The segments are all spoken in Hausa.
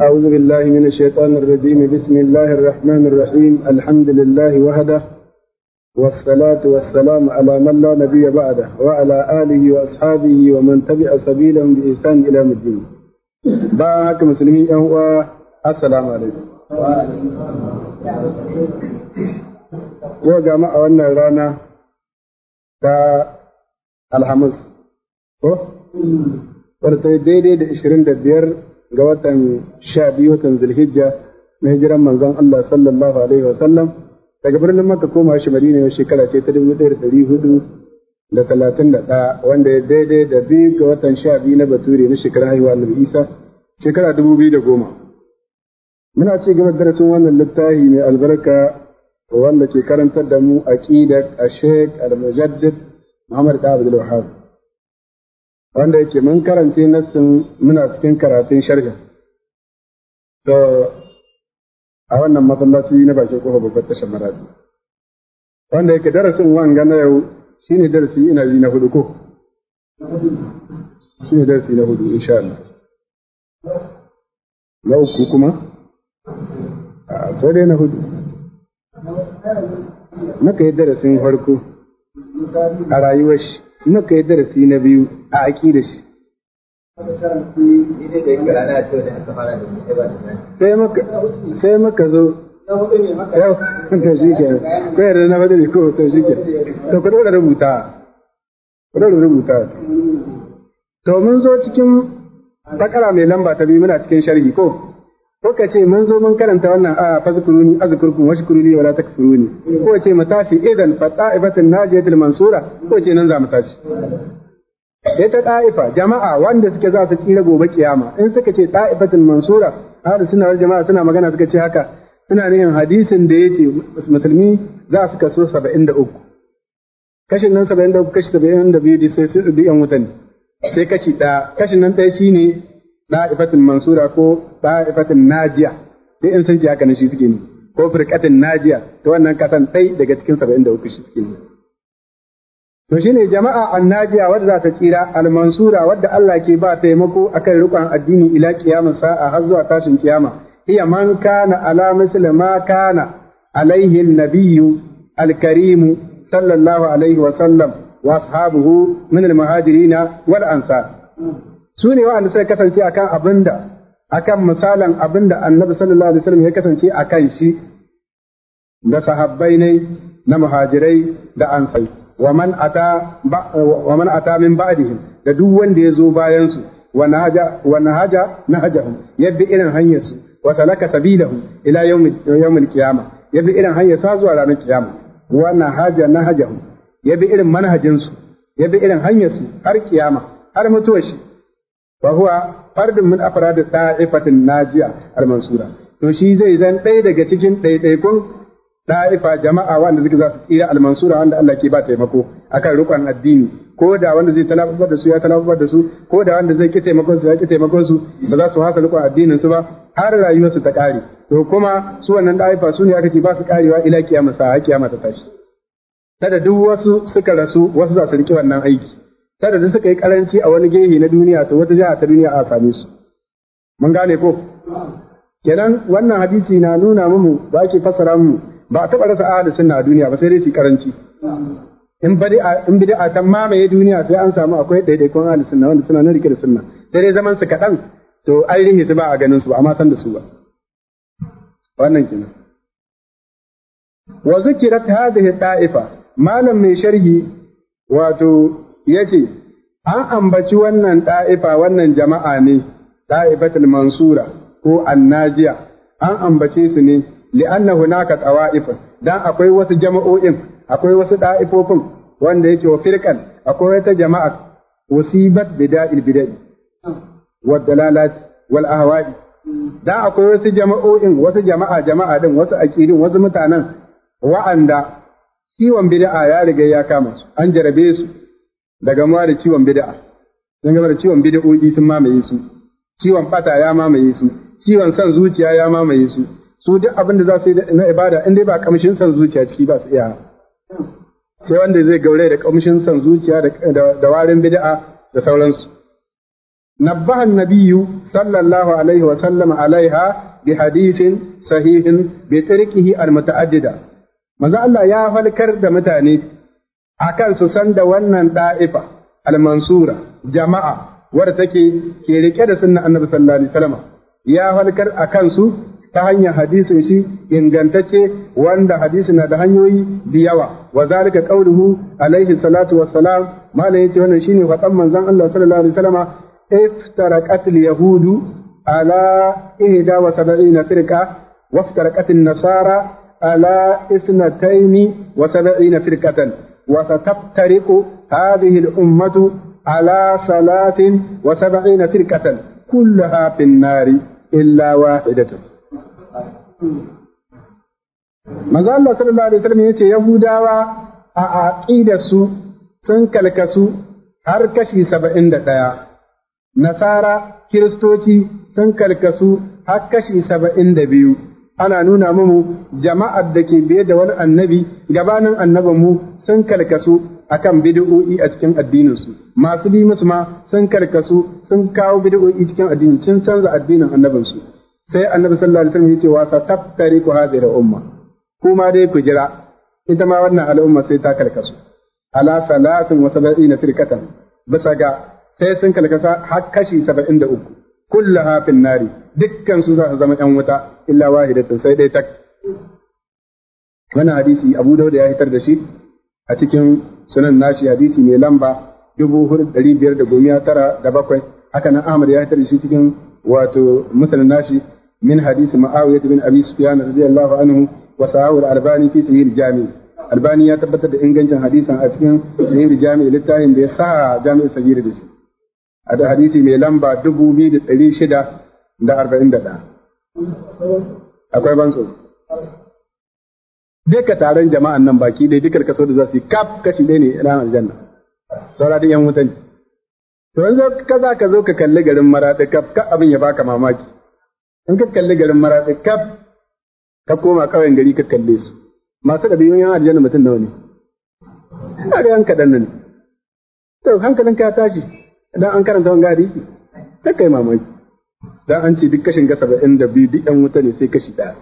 أعوذ بالله من الشيطان الرجيم بسم الله الرحمن الرحيم الحمد لله وحده والصلاة والسلام على من لا نبي بعده وعلى آله وأصحابه ومن تبع سبيلهم بإحسان إلى الدين باك مسلمين أهواء السلام عليكم يا جماعة وانا رانا الحمص ورتي ديدي 25 ga watan sha biyu watan zulhijja na hijiran manzon Allah sallallahu alaihi wa sallam daga birnin Makka koma shi Madina ya shekara ce ta dubu ɗaya da ɗari hudu da talatin da ɗaya wanda ya daidai da biyu ga watan sha biyu na Bature na shekarar haihuwa Nabi Isa shekara dubu biyu da goma. Muna ci gaba darasin wannan littafi mai albarka wanda ke karantar da mu aqidat a Al-Mujaddid Muhammad Abdul Wahhab. wanda yake mun karance nassin muna cikin karatun sharhin to a wannan masallaci na bakin kofa babbar tashar marabi wanda yake darasin wanga na yau shine darasi ina yi na hudu ko shine darasi na hudu insha Allah na uku kuma a sai dai na hudu maka yi darasin farko a rayuwar shi muka yi darasi na biyu a aƙida shi. Sai muka zo yau to shi ke ko yarda na fadari ko to shi ke to ku dora rubuta ku dora rubuta to mun zo cikin takara mai lamba ta biyu muna cikin sharhi ko ko ka ce mun zo mun karanta wannan a fazkuruni azkurkum washkuruni wala takfuruni ko ce mu tashi idan fa ta'ifatul najiyatul mansura ko ce nan za mu tashi sai ta ta'ifa jama'a wanda suke za su tsira gobe kiyama in suka ce ta'ifatul mansura har suna wal jama'a suna magana suka ce haka suna nihin hadisin da yace musulmi za su kaso 73 kashin nan 73 kashi 72 sai su bi yan wutan sai kashi ɗaya kashin nan ɗaya shine da'ifatin mansura ko da'ifatin najiya duk in sun ji haka shi suke ne ko firqatin najiya to wannan kasan sai daga cikin 73 shi suke ne to shine jama'a annajiya wadda za ta tsira almansura wadda Allah ke ba taimako akan rikon addini ila kiyamin sa'a har zuwa tashin kiyama hiya man kana ala misli ma kana alaihi an-nabiyyu al-karimu sallallahu alaihi wa sallam wa ashabuhu min al wal ansar su ne wa'anda suka kasance akan abinda akan misalan abinda annabi sallallahu alaihi wasallam ya kasance a kan shi da sahabbai ne na muhajirai da ansai wa man ata wa man ata min ba'dihim da duk wanda ya zo bayan su wa nahaja wa nahaja nahajahum yadda irin hanyar su wa salaka sabilahum ila yawm yawmil qiyamah yadda irin hanyar sa zuwa ranar kiyama wa nahaja nahajahum yadda irin manhajin su yabbi irin hanyar su har kiyama har mutuwar shi وهو huwa من أفراد طائفة الناجية المنصورة al زي to shi zai zan ɗaya daga cikin ɗaiɗaikun ɗa'ifa jama'a wanda suke za su tsira al-mansura wanda Allah ke ba taimako akan rukun addini ko da wanda zai talabar da su ya talabar da su ko da wanda zai ki su ya ki su ba za su haka addinin ba har rayuwarsu ta ƙare to kuma su wannan da'ifa su ne aka ce ba su ƙarewa ila kiyama sa kiyama ta tashi kada duk wasu suka rasu wasu za su riƙe wannan aiki kada da suka yi karanci a wani gehe na duniya to wata jiha ta duniya a same su mun gane ko kenan wannan hadisi na nuna mu ba ke fassara mu ba a taɓa rasa ahli sunna a duniya ba sai dai su karanci in bari in da ta mamaye duniya sai an samu akwai daidaikon ahli sunna wanda suna nan rike da sunna sai dai zaman su kaɗan to an su ba a ganin su ba amma san da su ba wannan kenan wa zukirat hadhihi ta'ifa malam mai sharhi wato ya ce, An ambaci wannan ɗa'ifa wannan jama'a ne, ɗa'ifatul mansura ko annajiya, an ambace su ne, li'anna hunaka tsawa'ifin, dan akwai wasu jama'o'in, akwai wasu ɗa'ifofin wanda yake wa firkan, akwai wata jama'a wasibat bida'il bida'i, wadda lalaci, wal ahwa'i. Dan akwai wasu jama'o'in, wasu jama'a jama'a din, wasu aƙirin, wasu mutanen wa'anda kiwon bida'a ya riga ya kama su, an jarabe su, Daga mawa da ciwon bid'a don gaba da ciwon bid'o'i sun mamaye su ciwon bata ya mamaye su ciwon san zuciya ya mamaye su su duk abin da za su yi na ibada in dai ba kamshin san zuciya ciki ba su iya sai wanda zai gaure da kamshin san zuciya da warin bid'a da sauransu Nabbahan nabiyyu sallallahu alaihi wa sallam alaiha bi hadithin sahihin bi tarkihi al mutaaddida manzo Allah ya falkar da mutane akan su san da wannan da'ifa al-mansura jama'a wadda take ke rike da sunnan annabi sallallahu alaihi wasallam ya halkar akan su ta hanyar hadisin shi ingantacce wanda hadisin na da hanyoyi da yawa wa zalika qauluhu alaihi salatu wassalam malai yace wannan shine fadan manzon Allah sallallahu alaihi wasallam iftaraqat al-yahudu ala ihda wa sab'ina firqa waftaraqat an-nasara ala isnataini wa sab'ina firqatan وستفترق هذه الأمة على ثلاث وسبعين فرقة كلها في النار إلا واحدة maza Allah sallallahu alaihi wasallam yace Yahudawa a aqida su sun kalkasu har kashi ɗaya. Nasara Kiristoci sun kalkasu har kashi da biyu. ana nuna mamu jama'ar da ke biye da wani annabi gabanin mu sun karkasu akan bid'o'i a cikin addininsu masu bi musu ma sun karkasu sun kawo bid'o'i cikin addinin sun canza addinin annabinsu sai annabi sallallahu alaihi wasallam ya ce wa sataftariqu hadhihi umma kuma dai ku jira ita ma wannan al'umma sai ta karkasu ala salatin wa sab'ina firqatan bisa ga sai sun karkasa har kashi 73 kullaha fin nari dukkan su za su zama yan wuta illa wahidatan sai dai tak wannan hadisi Abu Dawud ya hitar da shi a cikin sunan nashi hadisi mai lamba dubu hudu ɗari biyar da gomiya tara da bakwai haka Ahmad ya hitar da shi cikin wato musulun min hadisi Muawiyah bin Abi Sufyan radiyallahu anhu wa sahawul albani fi sahih jami albani ya tabbatar da ingancin hadisan a cikin sahih jami littafin da ya sa jami'in a da hadisi mai lamba dubu biyu da ɗari shida da arba'in da ɗaya. Akwai ban tsoro. Duka taron jama'an nan baki ɗaya dukkan kaso da za su yi kaf kashi ɗaya ne ran aljanna. Saura da ‘yan wutan. To yanzu ka za ka zo ka kalli garin maraɗi kaf ka abin ya baka mamaki. In ka kalli garin maraɗi kaf ka koma ƙauyen gari ka kalle su. Masu ɗabi'un yan aljanna mutum nawa ne? Ina ga yan kaɗan nan. To hankalin ka tashi. dan an karanta wanga hadisi sai kai mamaki dan an ce duk kashin da biyu duk yan wuta ne sai kashi daya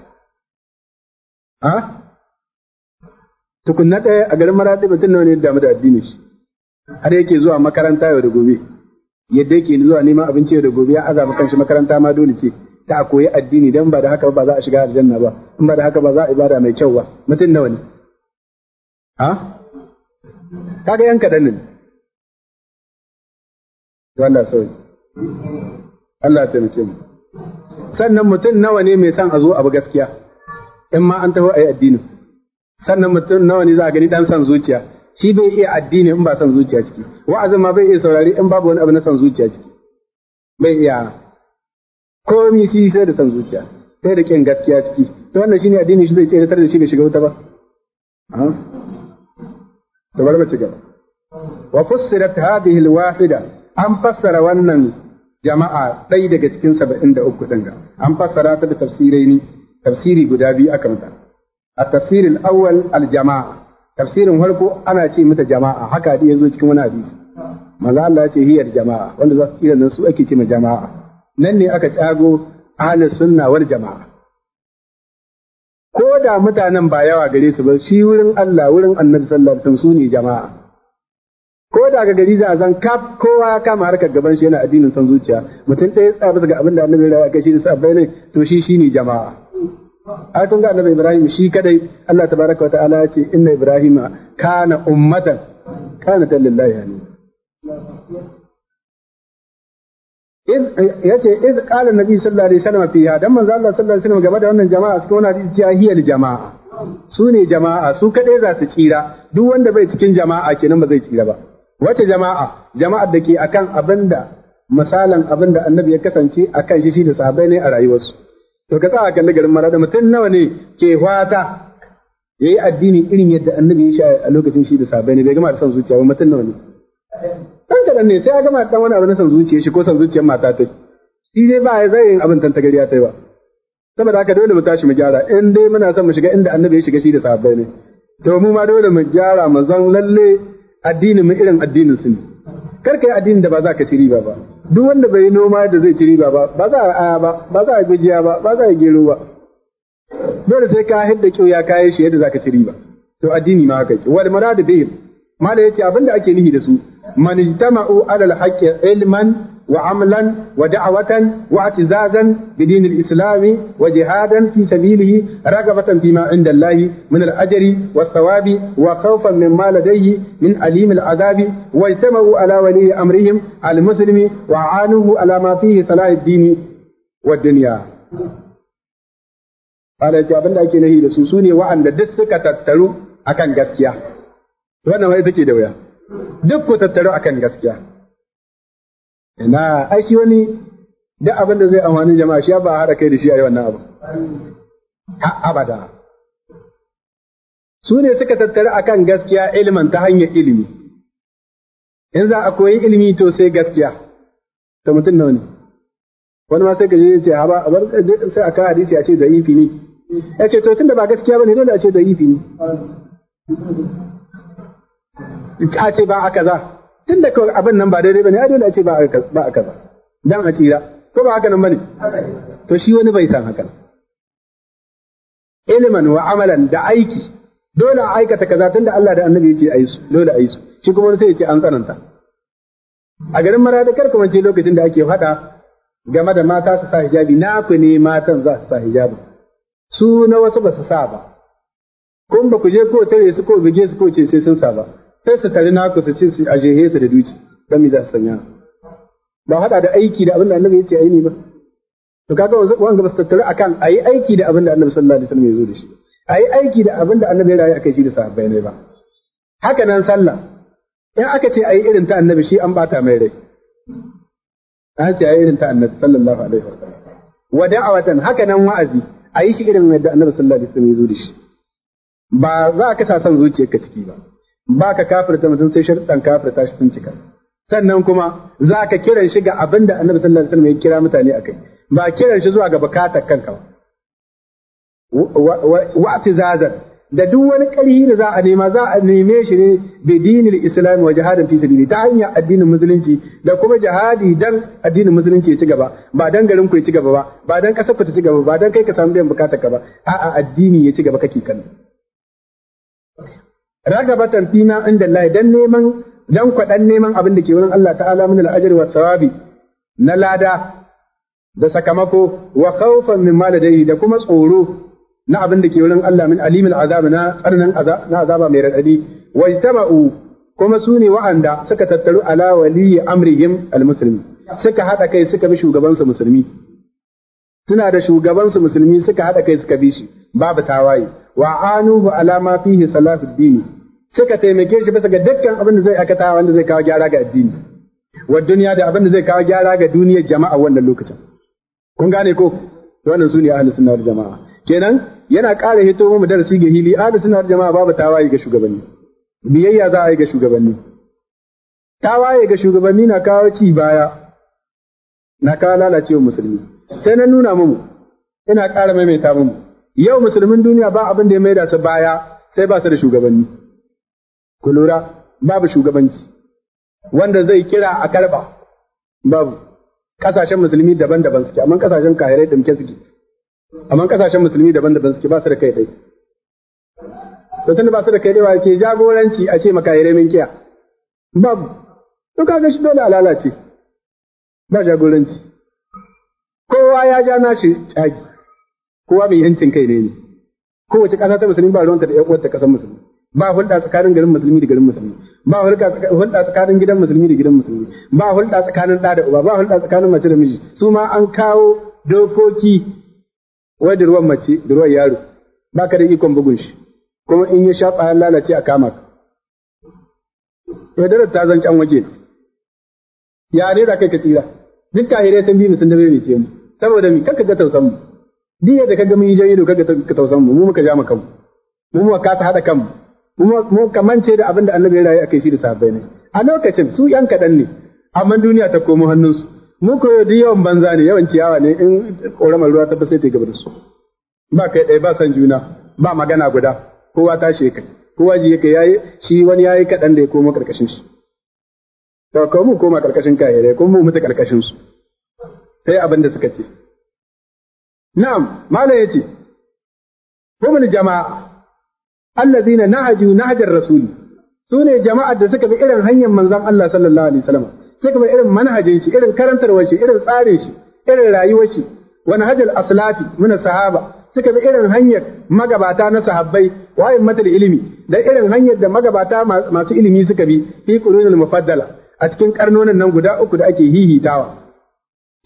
a tukunna ɗaya a garin maradi mutum nawa ne da damu da addini shi har yake zuwa makaranta yau da gobe yadda yake zuwa neman abinci yau da gobe ya azama kanshi makaranta ma dole ce ta koyi addini dan ba da haka ba za a shiga aljanna ba in ba da haka ba za a ibada mai kyau ba mutum nawa ne a kaga yan kaɗan ne wannan sauki Allah taimake mu sannan mutum nawa ne mai son a zo abu gaskiya in ma an taho a yi sannan mutum nawa ne za a gani dan son zuciya shi bai iya addini in ba son zuciya ciki wa'azin ma bai iya saurari in babu wani abu na son zuciya ciki bai iya komi shi sai da son zuciya sai da kin gaskiya ciki to wannan shine addini shi zai ce da shi bai shiga wuta ba to bar mu ci gaba wa fussirat hadhihi alwahida an fassara wannan jama'a ɗai daga cikin saba'in da uku ɗin an fassara ta da tafsirai ne tafsiri guda biyu aka mata a tafsirin awwal al jama'a tafsirin farko ana ce mata jama'a haka ya zo cikin wani hadisi manzo Allah ce hiyar jama'a wanda za su tsira nan su ake ce ma jama'a nan ne aka tsago ahli sunna wal jama'a ko da mutanen ba yawa gare su ba shi wurin Allah wurin Annabi sallallahu alaihi wasallam su ne jama'a ko da ga gari za a zan kaf kowa ya kama harkar gaban shi yana addinin san zuciya mutum ɗaya tsaya bisa ga abin da annabi ya kai shi da sabbai ne to shi shine jama'a ai kun ga annabi Ibrahim shi kadai Allah tabaraka wa ta'ala ya ce inna Ibrahima kana ummatan kana lillahi yani ya ce iz qala nabi sallallahu alaihi wasallam fiha dan manzo Allah sallallahu alaihi wasallam game da wannan jama'a suka wani hadisi ya jama'a su ne jama'a su kadai za su tsira duk wanda bai cikin jama'a kenan ba zai tsira ba wace jama'a jama'ar da ke akan abinda misalan abinda annabi ya kasance kan shi shi da sahabbai ne a rayuwarsu to ka tsaya kan garin marada mutum nawa ne ke fata yayi addini irin yadda annabi ya sha a lokacin shi da sahabbai ne bai gama da son zuciya ba mutum nawa ne dan kadan ne sai ya gama dan wani abu na son zuciya shi ko son zuciyar mata ta shi dai ba zai yin abin tantagariya ta yi ba saboda haka dole mu tashi mu gyara in dai muna son mu shiga inda annabi ya shiga shi da sahabbai ne to mu ma dole mu gyara mu zan lalle addinin mu irin addinin su ne kar ka yi addinin da ba za ka ci riba ba duk wanda bai noma da zai ci riba ba ba za a aya ba ba za a gujiya ba ba za a gero ba dole sai ka hidda ya kaya shi yadda za ka ci riba to addini ma haka wal maradu bihim mala yace abinda ake nihi da su man ijtama'u ala al ilman وعملا ودعوة واعتزازا بدين الإسلام وجهادا في سبيله رغبة فيما عند الله من الأجر والثواب وخوفا مما لديه من أليم العذاب واجتمعوا على ولي أمرهم المسلم وعانوه على ما فيه صلاح الدين والدنيا قال يا abin da ake nahi da su sune wa'anda duk suka tattaru akan gaskiya wannan wai take da wuya duk ku tattaru akan gaskiya ina ai shi wani duk abin da zai amfani jama'a shi ba haɗa kai da shi a yi wannan abu ha abada su ne suka tattara akan gaskiya ilimin ta hanyar ilimi in za a koyi ilimi to sai gaskiya ta mutum nawa ne wani ma sai ka je ce a bar sai aka hadisi a ce da ifi ne ya ce to tunda ba gaskiya ba ne dole a ce da ifi ne a ce ba a kaza Tunda da abin nan ba daidai bane ai dole a ce ba a kaza dan a tsira ko ba haka nan bane to shi wani bai san haka Iliman wa amalan da aiki dole a aikata kaza tun da Allah da Annabi yace ayi su dole ayi su shi kuma sai yace an tsananta a garin marada kar kuma ce lokacin da ake fada game da mata su sa hijabi na ku ne matan za su sa hijabi su na wasu ba su sa ba kun ba ku je ko tare su ko bige su ko ce sai sun sa ba sai su tare naku su ce su a jehe su da duci dan mi za su sanya ba hada da aiki da abin da annabi ya ce ayi ne ba to kaga wanda ba su tattare akan ayi aiki da abin da annabi sallallahu alaihi wasallam ya zo da shi ayi aiki da abin da annabi ya rayu akai shi da sahabbai ne ba haka nan sallah in aka ce ayi irin ta annabi shi an bata mai rai an ce ayi irin ta annabi sallallahu alaihi wasallam wa da'awatan haka nan wa'azi ayi shi irin da annabi sallallahu alaihi wasallam ya zo da shi ba za ka sa son zuciyarka ciki ba ba ka kafirta mutum sai sharuɗan kafirta shi sun cika sannan kuma za ka kiran shi ga abin da annabi sallallahu alaihi wasallam ya kira mutane kai. ba kiran shi zuwa ga bukatar kanka ba wa'tizazan da duk wani ƙarhi da za a nema za a neme shi ne bi dinil islam wa jihadin fi sabili ta hanyar addinin musulunci da kuma jihadi dan addinin musulunci ya ci gaba ba dan garin ku ya ci gaba ba ba dan kasar ku ta ci gaba ba dan kai ka samu biyan bukatar ka ba a'a addini ya ci gaba kake kallo ragabatan fima inda Allah dan neman dan kwadan neman abin da ke wurin Allah ta'ala min al-ajri wa thawabi na lada da sakamako wa khawfan min maladai da kuma tsoro na abin da ke wurin Allah min alimul azab na tsarnan na azaba mai radadi wa ijtama'u kuma su ne wa'anda suka tattaru ala waliyi amrihim al-muslimi suka hada kai suka bi shugabansu musulmi suna da shugabansu musulmi suka haɗa kai suka bi shi babu tawaye wa anu ala alama fihi salafu din suka taimake shi bisa ga dukkan abin da zai akata wanda zai kawo gyara ga addini wa duniya da abin da zai kawo gyara ga duniyar jama'a wannan lokacin kun gane ko wannan su ne ahlus sunna wal jama'a kenan yana ƙara hito mu darasi ga hili ahli sunna wal jama'a babu tawaye ga shugabanni biyayya za a yi ga shugabanni tawaye ga shugabanni na kawo ci baya na kawo lalacewa musulmi sai na nuna mu ina ƙara maimaita mu. yau musulmin duniya ba abin da ya maida su baya sai ba su da shugabanni ku lura babu shugabanci wanda zai kira a karba babu kasashen musulmi daban-daban suke amma kasashen kahirai da muke suke amma kasashen musulmi daban-daban suke ba su da kai dai to tunda ba su da kai ba ke jagoranci a ce makahirai min kiya babu to kaga shi dole a lalace ba jagoranci kowa ya ja nashi tsagi kowa mai yancin kai ne ne kowace ƙasa ta musulmi ba ruwanta da ƴan uwarta ƙasar musulmi ba hulɗa tsakanin garin musulmi da garin musulmi ba hulɗa tsakanin gidan musulmi da gidan musulmi ba hulɗa tsakanin ɗa da uba ba hulɗa tsakanin mace da miji su ma an kawo dokoki wai da ruwan mace da ruwan yaro ba ka da ikon bugun shi kuma in ya sha ƙwayar lalace a kama ka yaudarar ta zancen waje ya ne za kai ka tsira duk kahirai sun bi mu sun dabe mai ke mu saboda mi kakka ga tausan mu diya da kaga mun yi jayyado kaga ka tausan mu mu muka ja mu mu muka kasa hada kan mu kamance da abin da annabi ya rayu akai shi da sahabbai ne a lokacin su yan kaɗan ne amma duniya ta komo hannunsu mu ko duk yawan banza ne yawan ciyawa ne in ƙoramar ruwa ta ba sai ta gaba da su ba kai ɗaya ba san juna ba magana guda kowa ta shekai kowa ji yake yayi shi wani yayi kaɗan da ya koma karkashin shi to ko mu koma karkashin kahirai ko mu mutu karkashin su sai abin da suka ce na'am ce, yace humul jama'a allazina nahaji nahajar rasuli sune jama'ar da suka bi irin hanyar manzon Allah sallallahu alaihi wasallam suka bi irin manhajin shi irin karantarwar shi irin tsarin shi irin rayuwar shi wani nahajul aslafi muna sahaba suka bi irin hanyar magabata na sahabbai mata matar ilimi da irin hanyar da magabata masu ilimi suka bi fi kurunin mufaddala a cikin karnonin nan guda uku da ake hihitawa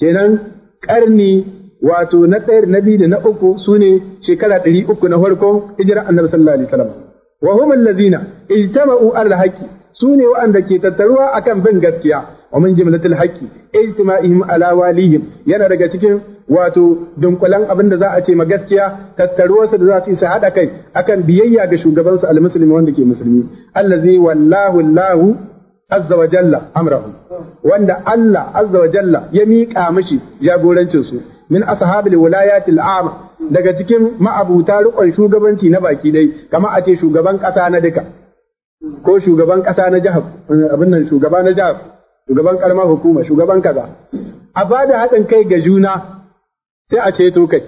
kenan karni wato na ɗaya na biyu da na uku su ne shekara ɗari uku na farko hijirar annabi sallallahu alaihi wasallam wa hum allazina ijtama'u ala haqqi su ne waɗanda ke tattaruwa akan bin gaskiya wa min jumlatil haqqi ijtima'ihim ala walihim yana daga cikin wato dunkulan abin da za a ce ma gaskiya tattaruwarsa da za su isa haɗa kai akan biyayya ga shugabansu almusulmi wanda ke musulmi allazi wallahu allahu azza wa amrahu wanda Allah azza wa ya miƙa mishi jagorancin su min ashabil wilayati al'am daga cikin ma'abuta rukun shugabanci na baki dai kamar a ce shugaban ƙasa na duka ko shugaban ƙasa na jihar abin nan shugaba na jihar shugaban karamar hukuma shugaban kaza a bada haɗin kai ga juna sai a ceto kai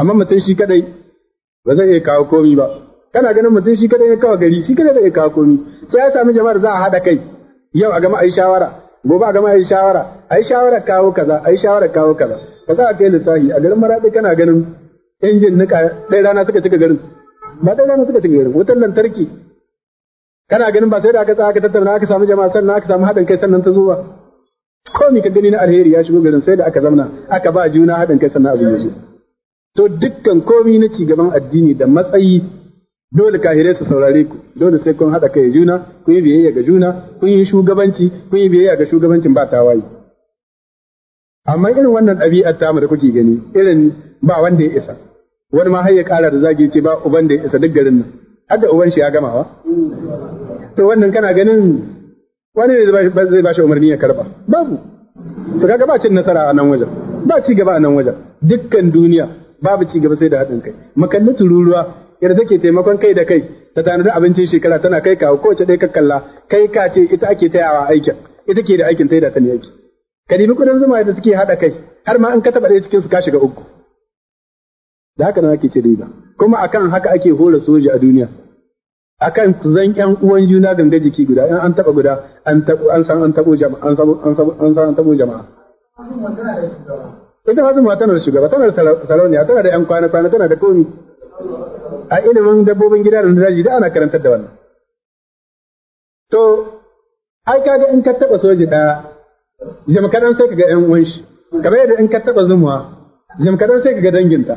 amma mutum shi kadai ba zai iya kawo komi ba kana ganin mutum shi kadai ya kawo gari shi kadai zai iya kawo komi sai ya sami jama'ar za a haɗa kai yau a gama a yi shawara gobe a gama a yi shawara a yi shawara kawo kaza a yi shawara kawo kaza ba za a kai lissafi a garin maraɗi kana ganin injin nika ɗaya rana suka cika garin ba ɗaya rana suka cika garin wutar lantarki kana ganin ba sai da aka tsaya aka tattauna aka samu jama'a sannan aka samu haɗin kai sannan ta zo ba komi ka gani na alheri ya shigo garin sai da aka zamna aka ba juna haɗin kai sannan abin ya zo to dukkan komi na cigaban addini da matsayi dole hire su saurare ku dole sai kun haɗa kai juna kun yi biyayya ga juna kun yi shugabanci kun yi biyayya ga shugabancin ba tawaye amma irin wannan ɗabi'ar tamu da kuke gani irin ba wanda ya isa wani ma har ya ƙara da zagi ce ba uban da ya isa duk garin nan har da uban shi ya gamawa to wannan kana ganin wani ne zai ba shi umarni ya karba babu to kaga ba cin nasara a nan wajen ba ci gaba a nan wajen dukkan duniya babu ci gaba sai da haɗin kai makalli tururuwa yadda take taimakon kai da kai ta tanadi abincin shekara tana kai kawo kowace ɗaya ka kalla kai ka ce ita ake tayawa aikin ita ke da aikin ta da ta ne aiki ka nemi kudin zuma da suke haɗa kai har ma in ka taɓa ɗaya cikin su ka shiga uku da haka nan ake ce riba kuma akan haka ake hora soja a duniya akan su zan ƴan uwan juna ganga jiki guda in an taɓa guda an an san an taɓo jama'a an san an taɓo jama'a ita ma zuma tana da shugaba tana da salauniya tana da ƴan kwana kwana tana da komi a ilimin dabbobin gida da daji da ana karantar da wannan to ai kaga in ka taɓa soji ɗaya jim kaɗan sai kaga yan uwan shi kamar yadda in ka taɓa zumuwa jim kaɗan sai kaga danginta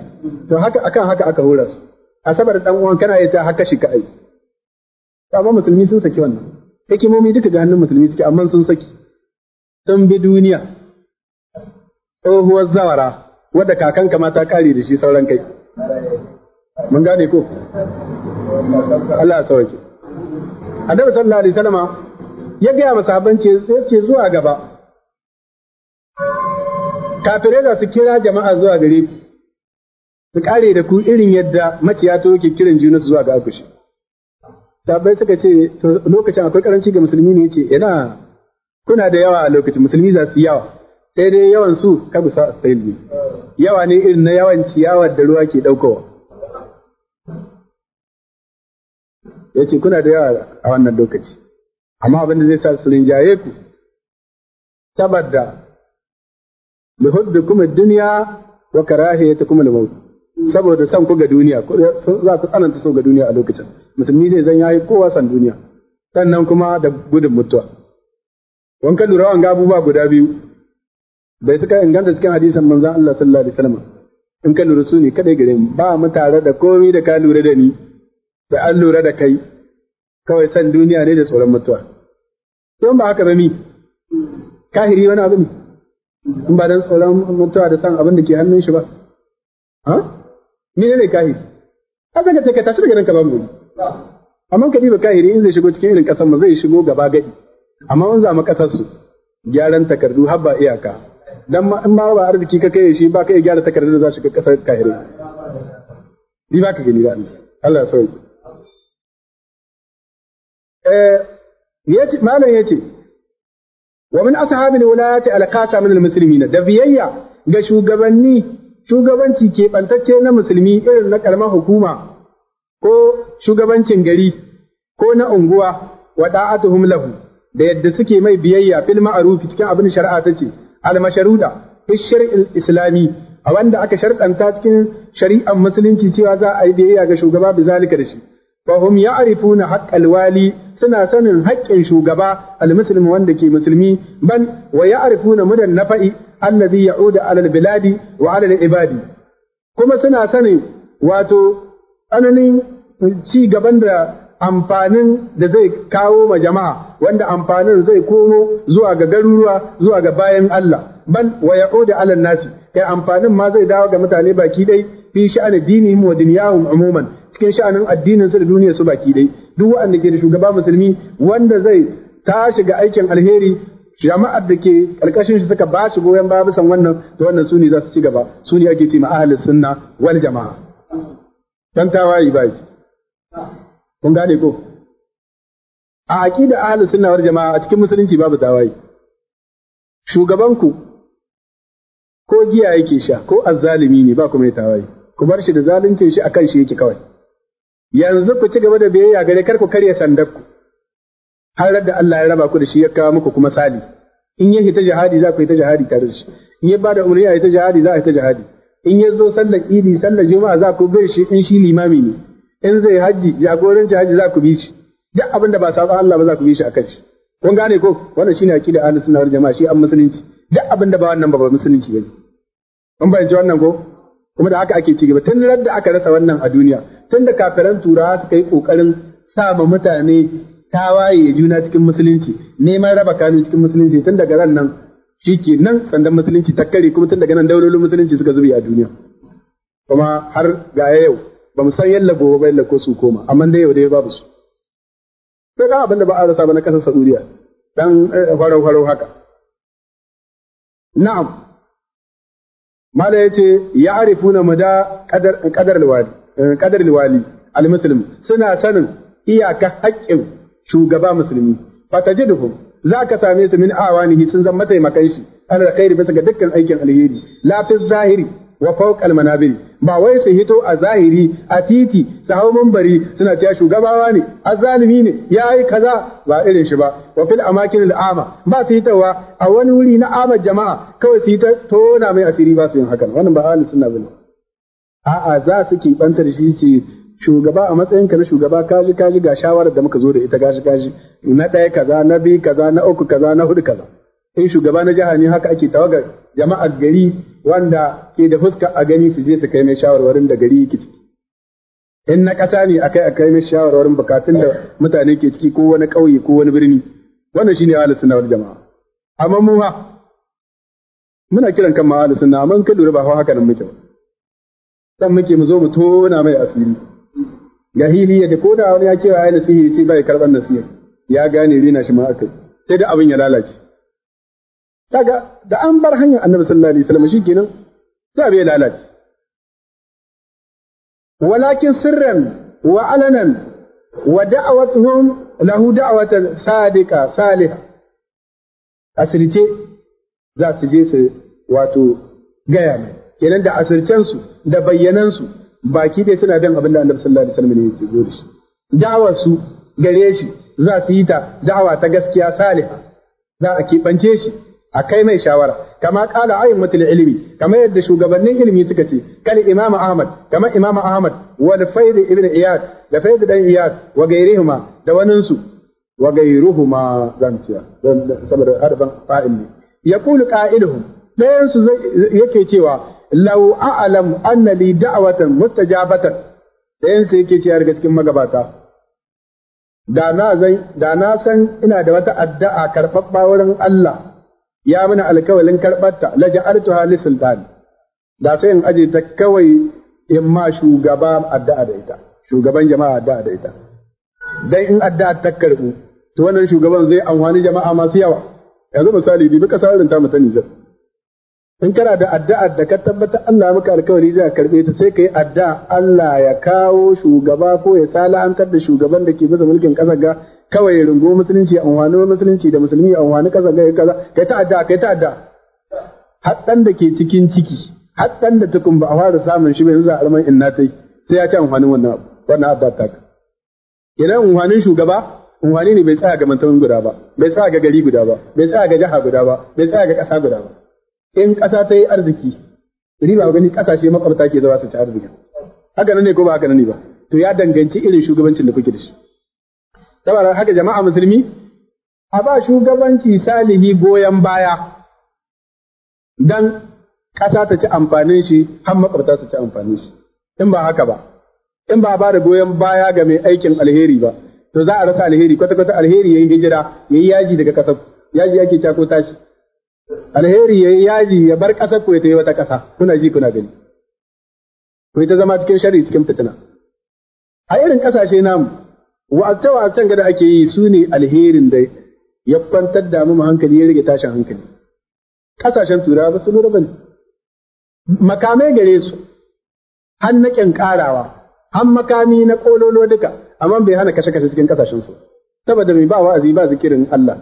to haka akan haka aka hura su asabar dan uwan kana yi ta haka shi ka ai amma musulmi sun saki wannan hikimomi duka ga hannun musulmi suke amma sun saki sun bi duniya tsohuwar zawara wadda kakan ma ta kare da shi sauran kai mun gane ko Allah ya sauke annabi sallallahu alaihi wasallam ya ga masahaban ce sai ce zuwa gaba kafirai da su kira jama'a zuwa gare ku su kare da ku irin yadda maciya ta yake kiran junansu zuwa ga akushi sabai suka ce to lokacin akwai karanci ga musulmi ne yace yana kuna da yawa a lokacin musulmi za su yawa sai dai yawan su kabu sa sai yawa ne irin na yawan ciyawar da ruwa ke daukowa yace kuna da yawa a wannan lokaci amma abin da zai sa su rinjaye ku saboda lihuddukum kuma duniya wa kuma al-maut saboda san ku ga duniya za ku tsananta so ga duniya a lokacin musulmi zai zan yayi kowa san duniya sannan kuma da gudun mutuwa wanka lura wanga abubuwa guda biyu bai suka inganta cikin hadisan manzon Allah sallallahu alaihi wasallam in ka lura su ne kadai gare mu ba mu tare da komai da ka lura da ni da an lura da kai kawai san duniya ne da tsoron mutuwa don ba haka ba kahiri wani abu ne in ba don tsoron mutuwa da san abin da ke hannun shi ba ha me ne kahiri A ka ce ka tashi daga nan ka ba mu amma ka diba kahiri in zai shigo cikin irin kasan ma zai shigo gaba gadi amma in zama mu kasar su gyaran takardu har ba iyaka dan ma in ba ba arziki ka kai shi ba ka iya gyara takardu da za su ga kasar kahiri ni ba ka gani ba Allah ya sauke Eh, malam ya ce, wa min ashabil wilayati al min al-muslimin da biyayya ga shugabanni shugabanci ke bantacce na musulmi irin na karamar hukuma ko shugabancin gari ko na unguwa wa da'atuhum lahu da yadda suke mai biyayya fil ma'ruf cikin abin shari'a tace al masharuda fi islami a wanda aka sharɗanta cikin shari'ar musulunci cewa za a yi biyayya ga shugaba bi zalika da shi fa hum ya'rifuna haqqal wali suna sanin haƙƙin shugaba al-muslim wanda ke musulmi ban wa ya'rifuna mudan nafa'i allazi ya'udu ala al-biladi wa ala al-ibadi kuma suna sanin wato tsananin ci gaban da amfanin da zai kawo ma jama'a wanda amfanin zai komo zuwa ga garuruwa zuwa ga bayan Allah bal wa ya'udu ala nasi kai amfanin ma zai dawo ga mutane baki dai fi sha'anin dinihim wa dunyahum umuman cikin sha'anin addinin su da duniyar su baki dai duk wanda ke da shugaba musulmi wanda zai tashi ga aikin alheri jama'ar da ke karkashin shi suka ba shi goyon baya bisan wannan to wannan su ne za su ci gaba su ne ake ce ma ahli sunna wal jama'a dan tawayi bai kun gane ko a aqida ahli sunna wal jama'a a cikin musulunci babu tawayi shugaban ku ko giya yake sha ko azzalimi ne ba ku mai tawayi ku bar shi da zaluncin shi akan shi yake kawai yanzu ku ci gaba da biyayya gare kar ku karya sandar ku. har da Allah ya raba ku da shi ya kawo muku kuma sali in ya ta jihadi za ku yi ta jihadi tare da shi in ya ba da umarni a ta jihadi za a yi ta jihadi in ya zo sallar idi sallar juma'a za ku bi shi in shi limami ne in zai haji jagoranci haji za ku bi shi duk abin da ba sabon Allah ba za ku bi shi akan shi kun gane ko wannan shine aqida ahlus sunna wal jama'a shi an musulunci duk abin da ba wannan ba ba musulunci bane kun bayyana wannan ko kuma da haka ake ci gaba tun da aka rasa wannan a duniya tun da kafiran turawa suka yi ƙoƙarin sa ma mutane tawaye juna cikin musulunci neman raba kanu cikin musulunci tun daga ran nan ke nan sandan musulunci ta kare kuma tun daga nan daulolin musulunci suka zube a duniya kuma har ga yau ba mu san yalla gobe ba yalla ko su koma amma dai yau dai babu su sai ga abin da ba a rasa ba na kasar Saudiya dan farau eh, farau haka na'am mala yace ya arifuna mada qadar qadar alwadi kadar eh, wali al-muslim suna sanin iyaka haƙƙin shugaba musulmi fatajiduhum ka same su min awanihi sun zama mataimakan shi an rakairi bisa ga dukkan aikin alheri la zahiri wa fawqa al-manabir ba wai su hito a zahiri a titi su hau mambari suna cewa shugabawa ne Azalimi ne ya yi kaza ba irin shi ba wa fil amakin al-ama ba su hitowa a wani wuri na amar jama'a kawai su ta tona mai asiri ba su yin hakan wannan ba halin sunna bane a'a za su ke da shi ce shugaba a matsayinka na shugaba kaji kaji ga shawarar da muka zo da ita gashi gashi na ɗaya kaza na biyu kaza na uku kaza na hudu kaza in shugaba na jiha ne haka ake tawagar jama'ar gari wanda ke da fuska a gani su je su kai mai shawarwarin da gari yake ciki in na ƙasa ne akai a kai mai shawarwarin bukatun da mutane ke ciki ko wani ƙauye ko wani birni wannan shine ahlus sunna wal jama'a amma mu muna kiran kan ma ahlus sunna amma in ka lura ba haka nan muke ba san muke mu zo mu tona mai asiri ga hili da ko da wani ya kira ya nasihi ce bai karban nasiha ya gane rina shi ma aka sai da abin ya lalace kaga da an bar hanyar annabi sallallahu alaihi wasallam shikenan sai bai lalace walakin sirran wa alanan wa da'awatuhum lahu da'watan sadiqa salih asirce za su je su wato gaya mai kenan da asircen su da bayyanansu su baki dai suna bin abin da Annabi sallallahu alaihi wasallam ne yake zo da shi da'awar su gare shi za su yi ta da'awa ta gaskiya saliha za a kibance shi a kai mai shawara kama kala ayin mutul ilimi kama yadda shugabannin ilimi suka ce kal imam ahmad kama imam ahmad wal faid ibn iyad da faid dan iyad wa gairihuma da waninsu wa gairuhuma zantiya saboda harfan fa'il ne yaqulu qa'iluhum dayan su yake cewa Lau, a'lam anna li da'watan mustajabatan dayan sai yake cewa ga cikin magabata da na zan da na san ina da wata addu'a karɓaɓɓa wurin Allah ya mana alkawalin karɓarta la ja'altuha li sultan da sai in aje ta kawai in ma shugaba addu'a da ita shugaban jama'a addu'a da ita dan in addu'a ta karɓu to wannan shugaban zai amfani jama'a masu yawa yanzu misali bi kasar ta mu ta Nijar in kana da addu'a da ka tabbatar Allah maka alkawari zai karbe ta sai ka yi addu'a Allah ya kawo shugaba ko ya sala'antar da shugaban da ke bisa mulkin ƙasar ga kawai ya rungo musulunci a unwani musulunci da musulmi ya unwani kasar ga kaza kai ta addu'a kai ta addu'a haddan da ke cikin ciki haddan da tukun ba a fara samun shi bai yanzu alman inna tai sai ya ci unwani wannan wannan addu'a ta idan unwanin shugaba unwani ne bai tsaya ga mantan guda ba bai tsaya ga gari guda ba bai tsaya ga jaha guda ba bai tsaya ga kasa guda ba in ƙasa ta yi arziki ni ba gani ƙasashe makwabta ke zawa su ci arziki haka nan ne ko ba haka nan ne ba to ya danganci irin shugabancin da kuke da shi saboda haka jama'a musulmi a ba shugabanci salihi goyon baya dan ƙasa ta ci amfanin shi har makwabta su ci amfanin shi in ba haka ba in ba ba da goyon baya ga mai aikin alheri ba to za a rasa alheri kwata kwata alheri yi hijira yayi yaji daga ƙasar yaji yake cako tashi alheri ya yi yaji ya bar ƙasar ku ya yi wata ƙasa kuna ji kuna gani ku ta zama cikin shari'a cikin fitina a irin ƙasashe namu wa'azce wa'azcen gada ake yi su ne alherin da ya kwantar da mu hankali ya rage tashin hankali ƙasashen turawa ba su lura ba ne makamai gare su har ƙarawa han makami na ƙololo duka amma bai hana kashe-kashe cikin ƙasashen su saboda mai ba wa'azi ba zikirin Allah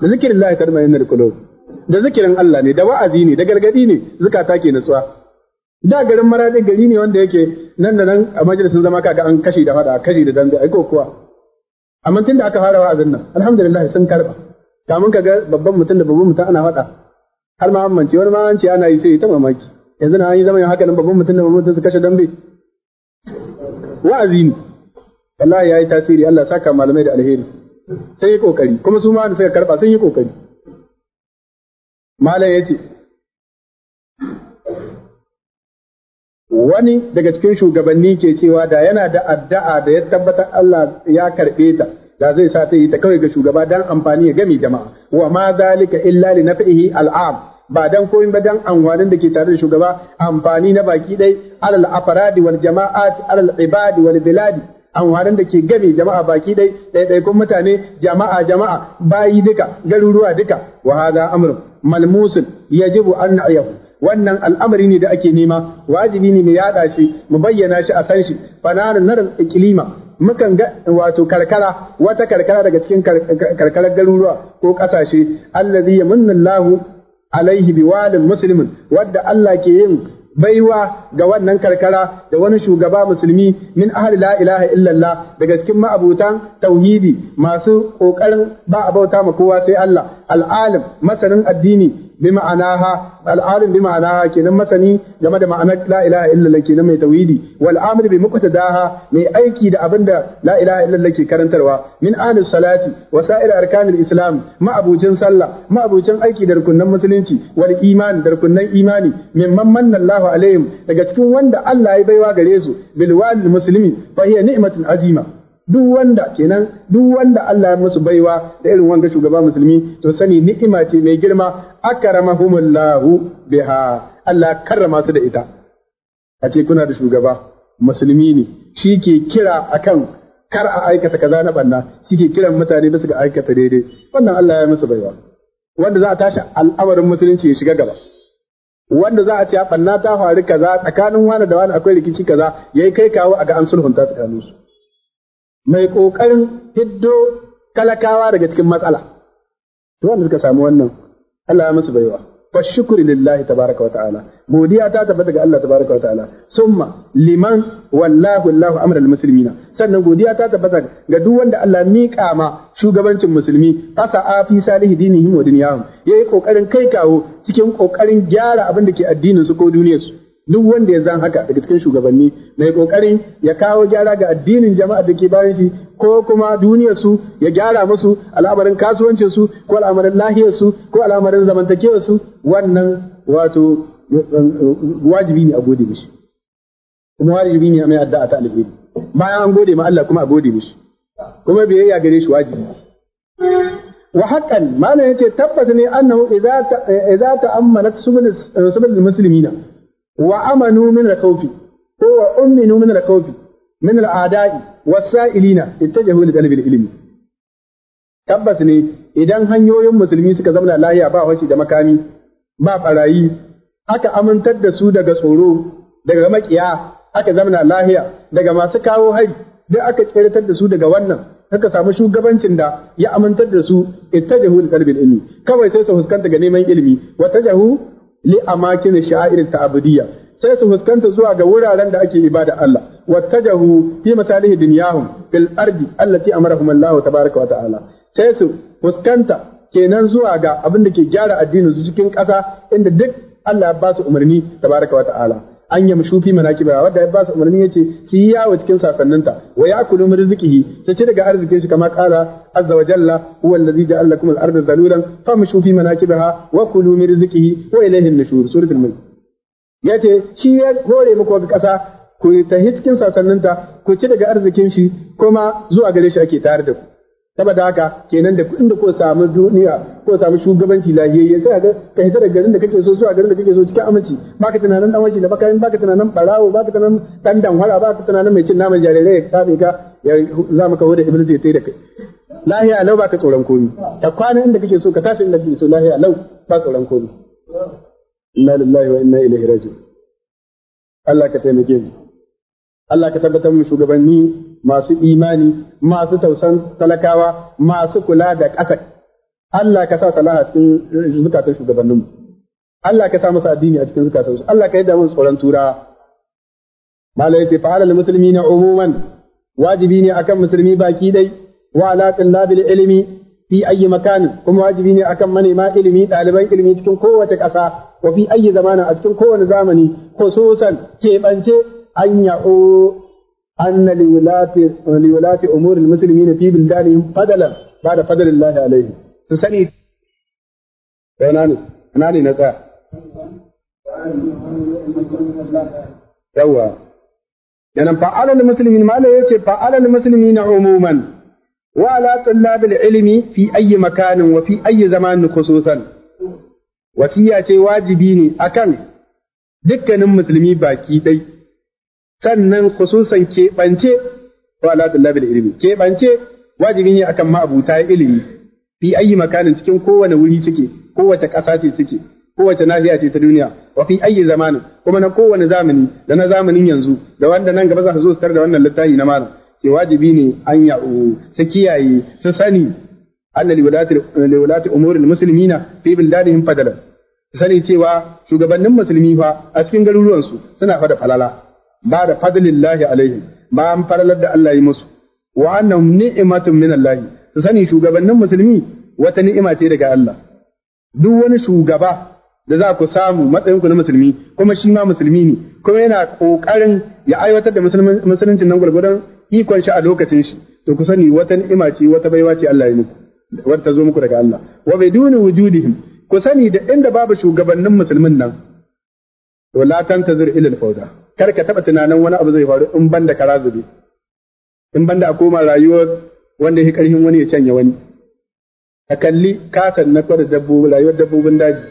da zikirin Allah ya tarmayar da kulobu da zikirin Allah ne da wa'azi ne da gargadi ne zukata ke nutsuwa da garin maradi gari ne wanda yake nan da nan a majalisin zama kaga an kashi da fada kashi da dambe ai ko kuwa amma tun da aka fara wa'azin nan alhamdulillah sun karba kamun kaga babban mutum da babban mutum ana fada har ma amince wani ma an ce ana yi sai ta mamaki yanzu na an yi zama yin haka nan babban mutum da babban mutum su kashe dambe wa'azi ne wallahi yi tasiri Allah saka malamai da alheri sai yi kokari kuma su ma da suka karba sun yi kokari malam ce. wani daga cikin shugabanni ke cewa da yana da addu'a da ya tabbatar Allah ya karɓe ta da zai sa ta yi ta kawai ga shugaba dan amfani ya gami jama'a wa ma zalika illa li naf'ihi al'am ba dan koyin ba dan anwanin da ke tare da shugaba amfani na baki dai alal afaradi wal jama'ati alal ibadi wal biladi An waran da ke game jama'a baki dai ɗaiɗaikun mutane jama'a jama'a bayi duka garuruwa duka wa hada amrun malmusun yajibu an na'yahu wannan al'amari ne da ake nema wajibi ne mu yada shi mu bayyana shi a san shi fanarin narin iklima mukan ga wato karkara wata karkara daga cikin karkarar garuruwa ko kasashe allazi yamanna alaihi biwalin muslimin wadda Allah ke yin baiwa ga wannan karkara da wani shugaba musulmi min ahli la ilaha illallah daga cikin ma'abutan tauhidi masu kokarin ba a bauta ma kowa sai Allah al'alim masanin addini بمعناها العالم بمعناها كنا masani game da ma'anar la ilaha illallah kenan mai tauhidi wal amr bi muqtadaha mai aiki da abinda la ilaha illallah ke karantarwa min anus salati wasa'ir arkanin arkanil islam ma sallah ma aiki da rukunnan musulunci wal imani da rukunnan imani min manna Allahu alaihim daga cikin wanda Allah ya baiwa gare su bil walil muslimi fa hiya azima duk wanda kenan duk wanda Allah ya musu baiwa da irin wanga shugaba musulmi to sani ni'ima ce mai girma akramahumullahu biha Allah karrama su da ita a ce kuna da shugaba musulmi ne shi ke kira akan kar a aikata kaza na banna shi ke kiran mutane bisa ga aikata daidai wannan Allah ya musu baiwa wanda za a tashi al'amarin musulunci ya shiga gaba wanda za a ce banna ta faru kaza tsakanin wani da wani akwai rikici kaza yayi kai kawo a ga an sulhunta tsakaninsu mai ƙoƙarin hiddo talakawa daga cikin matsala. To wanda suka samu wannan, Allah ya musu baiwa. Fa shukuri lillahi tabaraka wa ta'ala. Godiya ta tabbata ga Allah tabaraka wa ta'ala. Summa liman wallahu Allahu amral muslimina. Sannan godiya ta tabbata ga duk wanda Allah miƙa ma shugabancin musulmi a fi salihi dinihim wa dunyahum. Yayi kokarin kai kawo cikin ƙoƙarin gyara abin da ke addinin su ko duniyarsu. duk wanda ya zan haka daga cikin shugabanni mai kokarin ya kawo gyara ga addinin jama'a da ke bayan shi ko kuma duniyar su ya gyara musu al'amarin kasuwancin su ko al'amarin lahiyar su ko al'amarin zamantakewar su wannan wato um, wajibi ne a gode mishi kuma wajibi ne a mai addu'a ta alheri bayan an gode ma Allah kuma a gode mishi kuma biyayya gare shi wajibi wa haqqan malam yace tabbata ne annahu idza idza ta'ammalat subul subul muslimina wa amanu min al-khawfi ko wa umminu min al-khawfi min al-ada'i was-sa'ilina ittajahu li al-ilmi tabbas ne idan hanyoyin musulmi suka zama lahiya ba wasi da makami ba barayi aka amintar da su daga tsoro daga makiya aka zama lahiya daga masu kawo hari duk aka tsiratar da su daga wannan aka samu shugabancin da ya amintar da su ittajahu li talab al-ilmi kawai sai su fuskanta ga neman ilimi wa tajahu li amakin sha'ir ta'budiyya sai su fuskanta zuwa ga wuraren da ake ibada Allah wattajahu fi masalihi dunyahum fil ardi allati amarahum Allah tabaaraka wa ta'ala sai su fuskanta kenan zuwa ga abin da ke gyara addinin su cikin ƙasa inda duk Allah ya ba su umarni tabaaraka wa ta'ala an shufi fi manaqiba wanda ya ba su umarni yace ki yawo cikin sasanninta wa yakulu min rizqihi ta ci daga arzikin shi kama kala azza wa jalla huwa allazi ja'ala lakum al-ardha zalulan famshu fi manaqibaha wa kulu min rizqihi wa ilayhi an-nushur suratul mulk yace shi ya gore muku ga kasa ku ta cikin sasanninta ku ci daga arzikin shi kuma zuwa gare shi ake tare da ku saboda haka kenan da inda ko samu duniya ko samu shugabanci lahiyayye sai ga ka hita da garin da kake so zuwa garin da kake so cikin aminci baka tunanin dan wajen da baka baka tunanin barawo baka tunanin dan danwara baka tunanin mai cin naman jarirai ya kame ka ya za mu kawo da ibnu zai sai da kai lahiya lau baka tsoron komi ka kwana inda kake so ka tashi inda kake so lahiya lau ba tsoron komi inna lillahi wa inna ilaihi raji'un Allah ka taimake mu Allah ka tabbatar mu shugabanni masu imani masu tausan talakawa masu kula da ƙasa Allah ka sa salaha cikin zukatan shugabanninmu Allah ka sa masa addini a cikin zukatan su Allah ka yi damun tsoron tura malai ce fa'ala na muslimina umuman wajibi ne akan musulmi baki dai wa ala talabil ilimi fi ayi makan kuma wajibi ne akan manema ilimi ɗaliban ilimi cikin kowace ƙasa wa fi ayi zamana a cikin kowane zamani khususan keɓance an أن لولاة لولاة أمور المسلمين في بلدانهم فضلا بعد فضل الله عليهم تسني ناني ناني نسا يوا يعني فعلى المسلمين ما لا فعلى المسلمين عموما وعلى طلاب العلم في أي مكان وفي أي زمان خصوصا وسيا واجبيني أكن دكان المسلمين باكي دي sannan khususan keɓance wa ala tullabil ilmi keɓance wajibi yi akan ma'abuta ilimi fi ayi makanin cikin kowane wuri suke kowace ƙasa ce suke kowace nahiya ce ta duniya wa fi ayi zamanin kuma na kowane zamani da na zamanin yanzu da wanda nan gaba za su zo su tar da wannan littafi na malam ke wajibi ne an ya su kiyaye su sani anna liwalati musulmi muslimina fi biladihim fadala sani cewa shugabannin musulmi fa a cikin garuruwansu suna fada falala ba da fadlillahi alaihim bayan falalar da Allah yi musu wa annahum ni'matun min Allah su sani shugabannin musulmi wata ni'ima ce daga Allah duk wani shugaba da za ku samu matsayinku na musulmi kuma shi ma musulmi ne kuma yana kokarin ya aiwatar da musuluncin nan gurgurdan ikon shi a lokacin shi to ku sani wata ni'ima ce wata baiwa ce Allah ya muku wadda ta zo muku daga Allah wa biduni wujudihim ku sani da inda babu shugabannin musulmin nan to la tantazir ila al-fawda kar ka taba tunanin wani abu zai faru in banda kara zube in banda a koma rayuwar wanda yake karhin wani ya canya wani ka kalli kasan na kwada dabbobi rayuwar dabbobin daji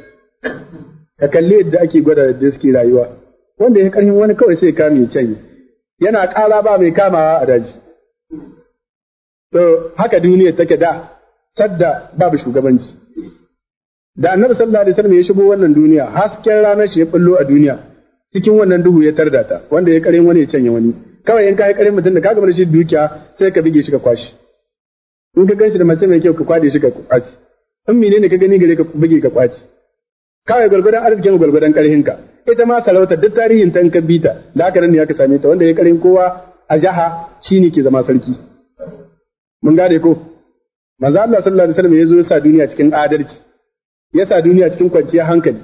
ka kalli yadda ake gwada da suke rayuwa wanda yake karhin wani kawai sai kame ya canya yana ƙara ba mai kamawa a daji to haka duniya take da sadda babu shugabanci da annabi sallallahu alaihi wasallam ya shigo wannan duniya hasken ranar shi ya bullo a duniya cikin wannan duhu ya tarda ta wanda ya karin wani ya canye wani kawai in ka yi karin mutum da ka gama shi dukiya sai ka bige shi ka kwashi in ka shi da mace mai kyau ka kwade shi ka kwaci in menene ka gani gare ka bige ka kwaci kawai gwargwadon arzikin gwargwadon karhin ka ita ma sarauta duk tarihin ta ka bita da aka nan ne aka same ta wanda ya karin kowa a jaha shine ke zama sarki mun gade ko manzo Allah sallallahu alaihi wasallam ya zo ya sa duniya cikin adalci ya sa duniya cikin kwanciyar hankali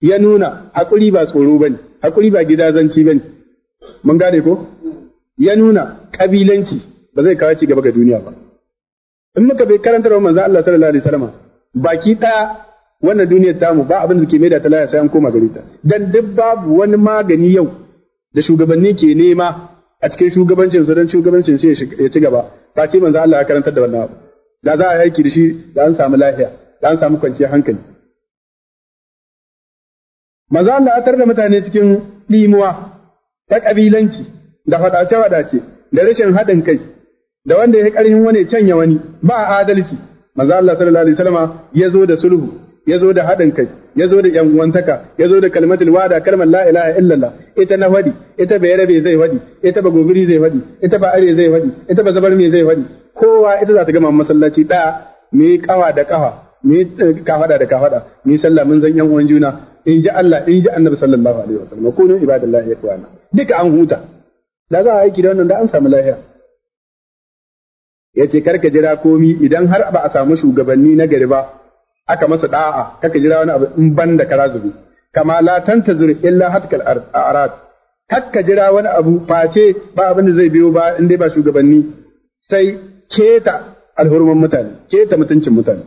ya nuna haƙuri ba tsoro ba ne, haƙuri ba gidazanci ne, mun gane ko ya nuna ƙabilanci ba zai kawo ci gaba ga duniya ba in muka bai karanta da manzo Allah sallallahu alaihi wasallam baki ɗaya wannan duniyar tamu ba abin da ke maida ta laya sai an koma gari ta dan duk babu wani magani yau da shugabanni ke nema a cikin shugabancin su don shugabancin su ya ci gaba ba ce manzan Allah ya karantar da wannan abu da za a yi aiki da shi da an samu lafiya da an samu kwanciyar hankali maza Allah atar da mutane cikin limuwa ta ƙabilanci da faɗace-faɗace da rashin haɗin kai da wanda ya ƙarfin wani canya wani ba adalci maza Allah sallallahu alaihi wasallam ya zo da sulhu ya zo da haɗin kai ya zo da yanwantaka ya zo da kalmatul wada kalmar la ilaha illallah ita na wadi ita ba yarabe zai wadi ita ba gobiri zai wadi ita ba are zai wadi ita ba zabar mai zai wadi kowa ita za ta gama masallaci ɗaya mai kawa da kawa mi eh, kafada da kafada mi sallah mun zan yan uwan juna in ji Allah in ji Annabi sallallahu alaihi wasallam ko ne ibadallahi ikwana duka an huta da za a aiki da wannan da an samu lafiya yace karka jira komi idan har ba a samu shugabanni na gari ba aka masa da'a kaka jira wani abu in ban da kara zubi kama la tantazur illa hatkal arad kakka jira wani abu face ba abin da zai biyo ba in dai ba shugabanni sai keta alhurman mutane keta mutuncin mutane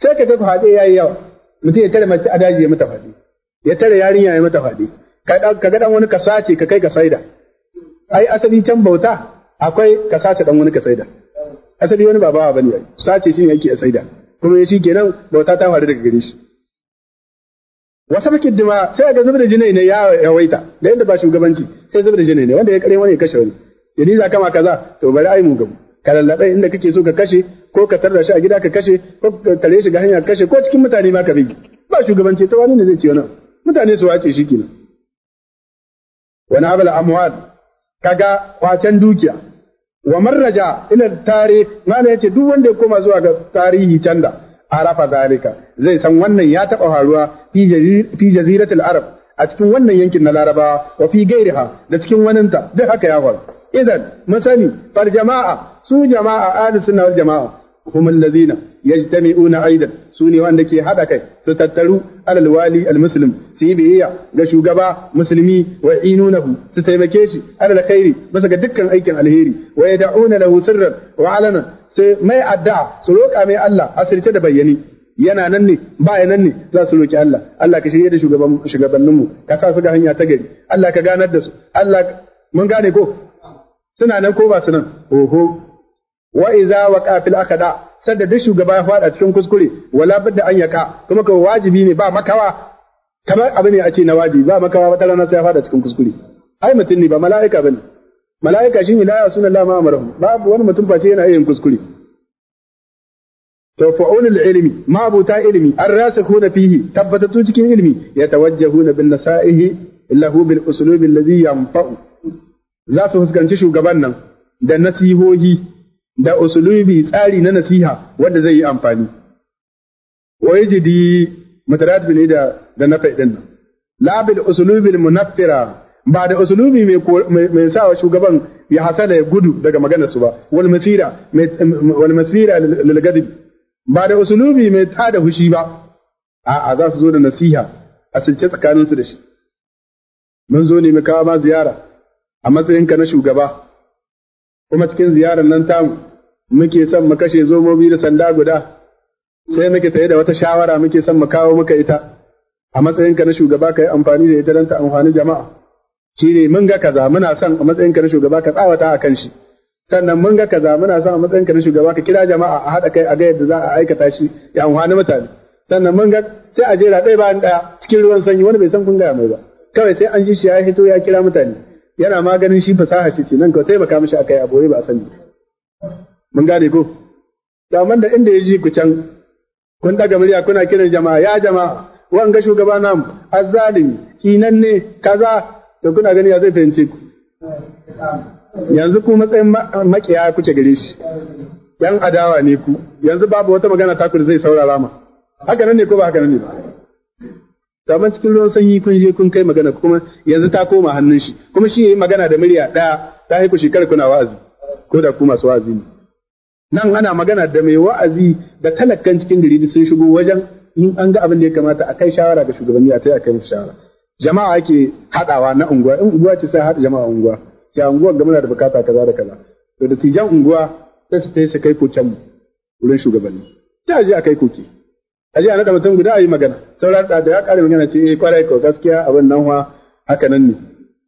sai ka haɗe ya yayi yawa mutum ya tare mace a daji ya mata fade ya tare yarinya ya mata fade ka ga ɗan wani ka sace ka kai ka saida ai asali can bauta akwai ka sace ɗan wani ka saida asali wani ba bawa bane sace shi ne yake a saida kuma shi kenan bauta ta faru daga gare shi wasa bakin dima sai ga zubar da jinai ne ya yawaita da yadda ba shugabanci sai zubar da jinai ne wanda ya kare wani ya kashe wani jini za kama kaza to bari ai mu gamu ka lallabe inda kake so ka kashe ko ka tarda shi a gida ka kashe ko ka tare shi ga hanya kashe ko cikin mutane ma ka bi ba shugabanci ta wani ne zai ce wannan mutane su wace shi kenan wani abal amwal kaga kwacen dukiya wa marraja ila tare mana yace duk wanda ya koma zuwa ga tarihi canda arafa zalika zai san wannan ya taba faruwa fi jaziratul arab a cikin wannan yankin na larabawa wa fi gairiha da cikin waninta duk haka ya faru idan mun sani far jama'a su jama'a ahli sunna wal jama'a هم الذين يجتمعون أيضا سوني وأن كي هذا كي ستترو على الوالي المسلم سيبيا غشو غبا مسلمي ويعينونه ستيمكيشي على الخير بس دكا أيكا الهيري ويدعون له سرا وعلنا ما يدعى سلوك أمي الله أسر تدبيني yana nan ne baya nan ne za su roki Allah Allah ka shirye da shugaban shugabanninmu ka sa su ga hanya ta gari Allah ka ganar da su Allah mun gane ko suna nan ko ba su nan oho wa iza waqa fil akada sanda duk shugaba ya fada cikin kuskure wala bidda an yaka kuma ka wajibi ne ba makawa kamar abu ne a ce na wajibi ba makawa ba rana sai ya fada cikin kuskure ai mutum ne ba mala'ika bane mala'ika shine la ya sunan lama amarahu babu wani mutum face yana yin kuskure to fa'ulul ilmi mabuta ilmi arrasikhuna fihi tabbatatu cikin ilmi yatawajjahuna bin nasaihi illahu bil uslubi alladhi yanfa'u za su fuskanci shugaban nan da nasihohi da usulubi tsari na nasiha wanda zai yi amfani wa jidi mutarat bin da da na din nan la bil usulubi al munaffira ba da usulubi mai mai sawa shugaban ya hasala ya gudu daga maganar su ba wal masira wal masira lil gadib ba da usulubi mai tada hushi ba a'a za su zo da nasiha a tsakanin tsakaninsu da shi mun zo ne mu kawo ma ziyara a matsayinka na shugaba kuma cikin ziyarar nan tamu muke son mu kashe zomobi da sanda guda sai muke tare da wata shawara muke son mu kawo muka ita a matsayinka na shugaba ka yi amfani da ita don ta amfani jama'a shi ne mun ga kaza muna son a matsayinka na shugaba ka tsawata a kan shi sannan mun ga kaza muna son a matsayinka na shugaba ka kira jama'a a haɗa kai a ga yadda za a aikata shi ya amfani mutane sannan mun ga sai a jera ɗaya bayan ɗaya cikin ruwan sanyi wani bai san kun gaya mai ba kawai sai an ji shi ya hito ya kira mutane yana maganin shi fasaha shi ce nan ka baka mishi akai a ba a sani mun gane ko da man da inda yaji ku can kun daga murya kuna kiran jama'a ya jama'a ga shugaba namu nan ne, kaza to kuna gani ya zai fahimce ku yanzu ku matsayin makiya kuke gare shi yan adawa ne ku yanzu babu wata magana taku da zai saurara ma haka nan ne ko ba haka nan ne ba to amma cikin ruwan sanyi kun je kun kai magana kuma yanzu ta koma hannun shi kuma shi yayi magana da murya ɗaya ta haiku shekara kuna wa'azi ko da ku masu wa'azi ne nan ana magana da mai wa'azi da talakkan cikin gari sun shigo wajen in an ga abin da ya kamata a kai shawara ga shugabanni a taya kai musu shawara jama'a ake haɗawa na unguwa in unguwa ce sai hada jama'a unguwa ya unguwa ga muna da bukata kaza da kaza to da tijan unguwa sai su tayi su kai koken wurin shugabanni ta je a kai A ji a naɗa mutum guda a yi magana sauran da ya kare magana ce ya eh, kwarai ko gaskiya abin nan wa haka nan ne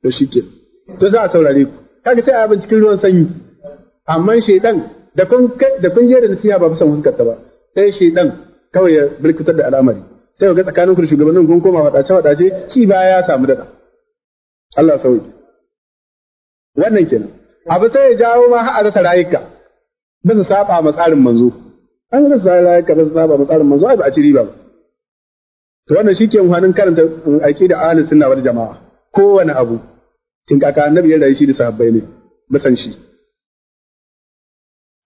to ke to za a saurare ku kaga sai a cikin ruwan sanyi amma shaidan da kun da kun je da nasiha ba san huskar ba sai shaidan kawai ya birkitar da al'amari sai ga tsakanin ku shugabannin kun koma faɗace faɗace ci ba ya samu daɗa. Allah sauki wannan kenan abu sai ya jawo ma har a rasa rayuka bisa saba ma tsarin manzo an rasa ya kaza saba ba tsarin manzo ba a ci riba ba to wannan shike muhanin karanta da ahalin sunna wal jamaa kowane abu cin kaka annabi ya rayu shi da sahabbai ne musan shi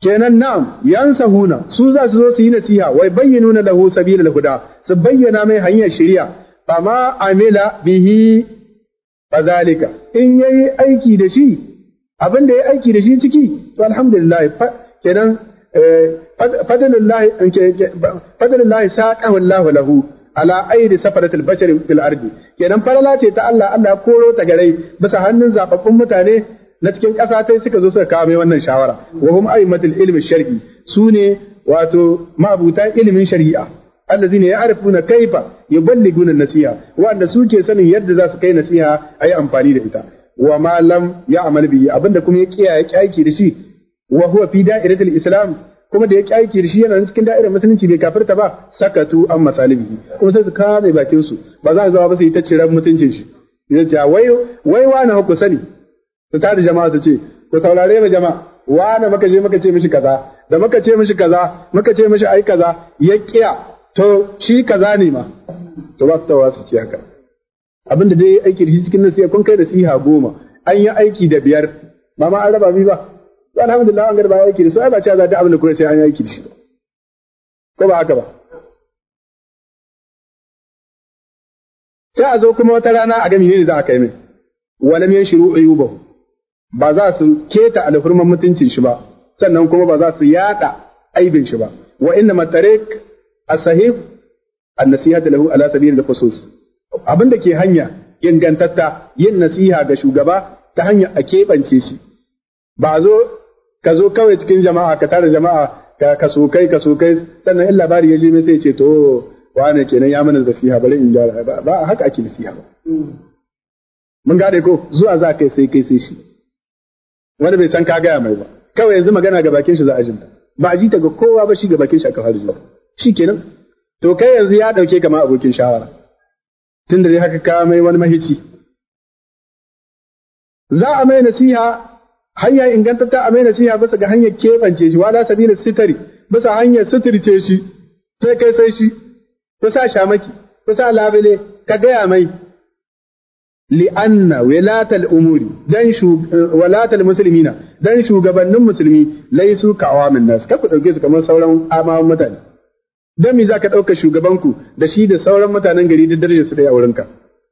kenan na'am yansahuna su za su zo su yi nasiha wai na lahu sabilal huda su bayyana mai hanyar shari'a ma amila bihi fadhalika in yayi aiki da shi abin da ya aiki da shi ciki to alhamdulillah kenan Eh, Lahi saqahu Allahu lahu ala aidi safaratul bashar fil ardi kenan farala ce ta Allah Allah koro ta garai bisa hannun zababbun mutane na cikin ƙasa sai suka zo suka kawo mai wannan shawara wa hum aimatul ilmi shar'i sune wato mabuta ilimin shari'a allazina ya'rifuna kaifa yuballiguna nasiha wanda suke sanin yadda za su kai nasiha ayi amfani da ita wa malam lam ya'mal bihi abinda kuma ya kiyaye kyaki da shi wa huwa fi da'iratil islam kuma da ya aiki shi yana cikin da'irar musulunci bai kafirta ba sakatu an masalibi kuma sai su kame bakin su ba za su zama ba su yi ta ciran mutuncin shi ya ce wai wai wani hukku sani su ta da jama'a su ce ku saurare mu jama'a wani maka je maka ce mishi kaza da maka ce mishi kaza maka ce mishi ai kaza ya kiya to shi kaza ne ma to ba su tawa su ci haka abin da dai aiki da shi cikin nasiha kun kai da siha goma an yi aiki da biyar ba ma an raba biyu ba alhamdulillah an garba da su ai ba cewa za ta abin da koyi sai an yake da ko ba haka ba sai a zo kuma wata rana a gami ne za a kai min walam yi ayubahu ba za su keta alhurman mutuncin shi ba sannan kuma ba za su yada aibin shi ba wa inna matariq as-sahih an da lahu ala da al-khusus abinda ke hanya ingantatta yin nasiha ga shugaba ta hanya a keɓance shi ba zo ka zo kawai cikin jama'a ka tara jama'a ka kasukai kai sannan in labari ya je mai sai ce to wane kenan ya mana siha bari in gyara ba ba haka ake nasiha ba mm. mun gane ko zuwa za kai sai kai sai shi wani bai san ka gaya mai ba kawai yanzu magana ga bakin shi za a jinta ba a ta ga kowa ba shi ga bakin shi aka fara jinta shi kenan to kai yanzu ya dauke kama abokin shawara da dai haka ka mai wani mahici za a mai nasiha hanya inganta ta amina shi ya bisa ga hanyar kebance shi wala sabilin sitari bisa hanyar sitirce shi sai kai sai shi Kusa shamaki kusa labile ka gaya mai li'anna wilatal umuri dan eh, walatal muslimina dan shugabannin musulmi laisu ka awamin nas ka ku dauke su kamar sauran amawan mutane dan me zaka dauka shugabanku da shi da sauran mutanen gari da darajar su da wurinka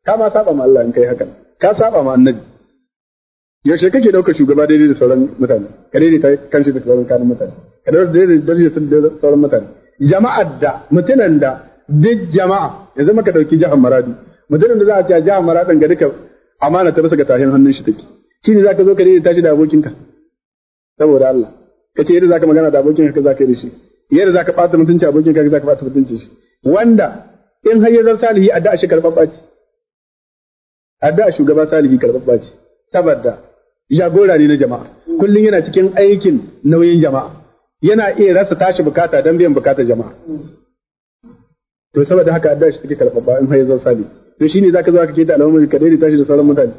ka ma saba ma Allah in kai hakan ka saba ma annabi yaushe kake ɗaukar shugaba daidai da sauran mutane ka daidai ta kanshi da sauran kanin mutane ka daidai da da sauran mutane jama'ar da mutanen da duk jama'a yanzu maka ɗauki jihar maradu mutanen da za a ce jihar maradin ga duka amana ta bisa ga tahin hannun shi take shi ne za ka zo ka daidai tashi da abokinka saboda Allah ka ce yadda za ka magana da abokinka ka za ka yi da shi yadda za ka ɓata mutunci abokinka ka za ka ɓata mutunci shi wanda in har ya zan salihi a shi karɓaɓɓa ce addu'a shugaba salihi karɓar ɓaci, saboda jagora ne na jama'a kullum yana cikin aikin nauyin jama'a yana iya rasa tashi bukata don biyan bukatar jama'a to saboda haka addu'a shi take karfafa in har zo sali to shi ne za ka zo ka keta al'umma ka daidai tashi da sauran mutane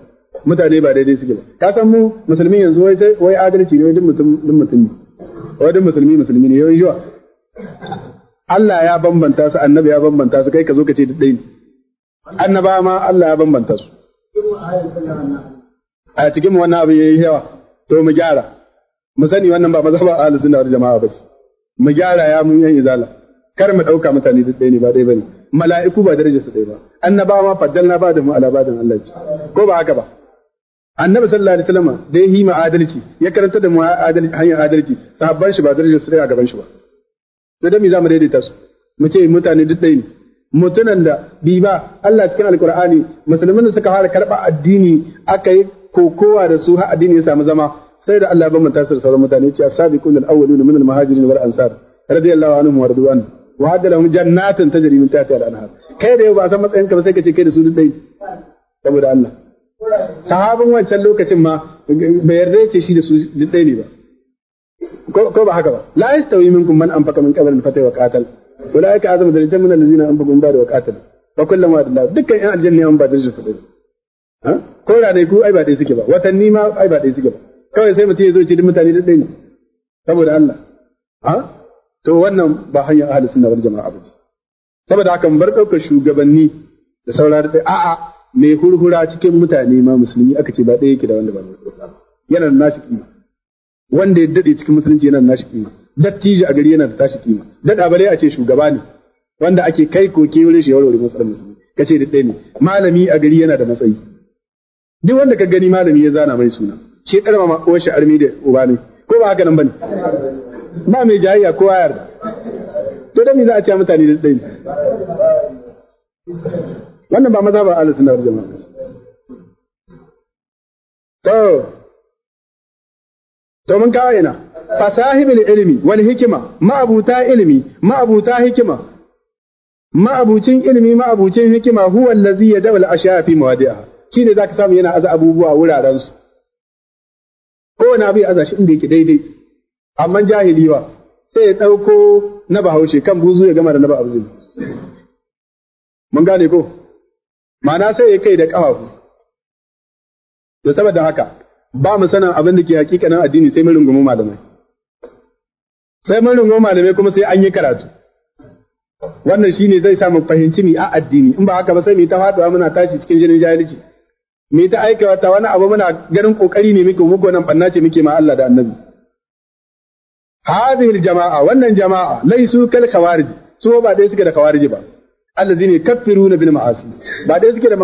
mutane ba daidai suke ba ka san mu musulmi yanzu wai adalci ne duk mutum duk mutum ne wai duk musulmi musulmi ne yawan yawa Allah ya bambanta su annabi ya bambanta su kai ka zo ka ce duk ɗaya ne annabawa ma Allah ya bambanta su a cikin wannan abu yayi yawa to mu gyara mu sani wannan ba mazhaba ahlus sunna wal jama'a ce mu gyara ya mun yan izala kar mu dauka mutane duk ɗaya ne ba ɗaya bane mala'iku ba darajar su ɗaya ba annaba ma faddalna ba da mu ala badan Allah ko ba haka ba annabi sallallahu alaihi wasallam dai ya ma adalci ya karanta da mu hanyar adalci sahabban shi ba darajar su ɗaya a gaban shi ba to dan me mu daidaita su mu ce mutane duk ɗaya ne mutunan da bi ba Allah cikin alkur'ani musulmin da suka fara karɓa addini aka yi Ko kowa da su har addini ya samu zama sai da Allah ya bambanta su da sauran mutane ce as-sabiqun al-awwaluna min al-muhajirin wal ansar radiyallahu anhum wa radu anhu wa hadalahum jannatin tajri min tahtiha al-anhar kai da yau ba san matsayin ka ba sai ka ce kai da su duk dai saboda Allah sahabin wancan lokacin ma bai yarda yake shi da su duk dai ne ba ko ba haka ba la yastawi minkum man anfaqa min qabl al-fatih wa qatal ulaika azam darajatan min allazina anfaqu min ba'd wa qatal fa kullu ma dukkan yan aljanna yan ba darajatu ko da ku ai ba dai suke ba watanni ma ai ba dai suke ba kawai sai mutum ya zo ce duk mutane da ne saboda Allah ha to wannan ba hanyar ahli sunna wal jama'a ba saboda haka bar ɗaukar shugabanni da saurari sai a'a mai hurhura cikin mutane ma musulmi aka ce ba ɗaya yake da wanda ba yana da nashi kima wanda ya daɗe cikin musulunci yana da nashi kima dattijo a gari yana da tashi kima daɗa bare a ce shugaba ne wanda ake kai koke wurin shi ya warware matsalar musulmi kace da ɗaya ne malami a gari yana da matsayi duk wanda ka gani malami ya zana mai suna shi ɗan ma uwar armi da uba ne ko ba haka nan bane ba mai jayayya ko wayar to dan me za a ce mutane da ɗai wannan ba maza ba alisun da wal jama'a to to mun kawo yana fasahibul ilmi wal hikima ma'abuta ilmi ma'abuta hikima ma'abucin ilmi ma'abucin hikima huwa allazi yadawal ashafi mawadi'aha ne za ka samu yana aza abubuwa wuraren su kowane abu ya aza shi inda yake daidai amma jahili wa sai ya ɗauko na bahaushe kan buzu ya gama da na ba abu mun gane ko ma'ana sai ya kai da ƙafafu da saboda haka ba mu sanin abin da ke hakikanin addini sai mun rungumi malamai sai mun rungumi malamai kuma sai an yi karatu wannan shi ne zai sa fahimci mi a addini in ba haka ba sai mu ta faduwa muna tashi cikin jinin jahilci me ta aikata wani abu muna ganin kokari ne muke muku nan banna ce muke ma Allah da Annabi hadhihi jama'a wannan jama'a laisu kal khawarij su ba dai suke da khawarij ba allazina kaffiruna bil ma'asi ba dai suke da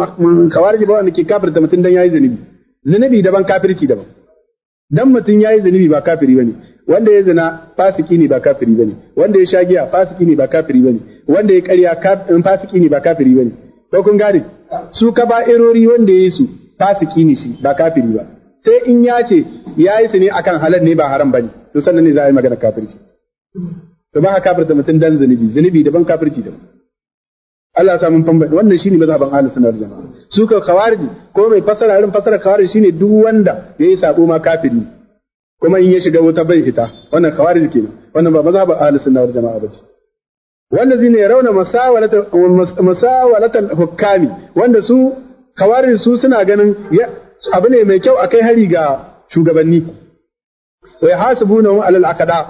khawarij ba wanda ke da mutun dan yayi zanubi zanubi daban kafirci daban dan mutun yayi zanubi ba kafiri bane wanda ya zina fasiki ne ba kafiri bane wanda ya shagiya fasiki ne ba kafiri bane wanda ya ƙarya fasiki ne ba kafiri bane ko kun gane su ka ba irori wanda ya yi su fasiki ne shi ba kafiri ba sai in ya ce ya yi su ne akan halal ne ba haram ba ne to sannan ne za a yi magana kafirci to ba ka kafirta mutum dan zunubi zunubi daban kafirci daban Allah ya samu bambanci wannan shine mazhaban ahlus sunnah wal jamaa su ka khawariji ko mai fasara irin fasara khawariji shine duk wanda yayi sako ma kafiri kuma in ya shiga wata bai fita wannan khawariji kenan wannan ba mazhaban ahlus sunnah wal jamaa bace wallazina yarawna masawalata masawalata hukami wanda su kawarin su suna ganin abu ne mai kyau akai hari ga shugabanni wa yahasibunahum alal aqda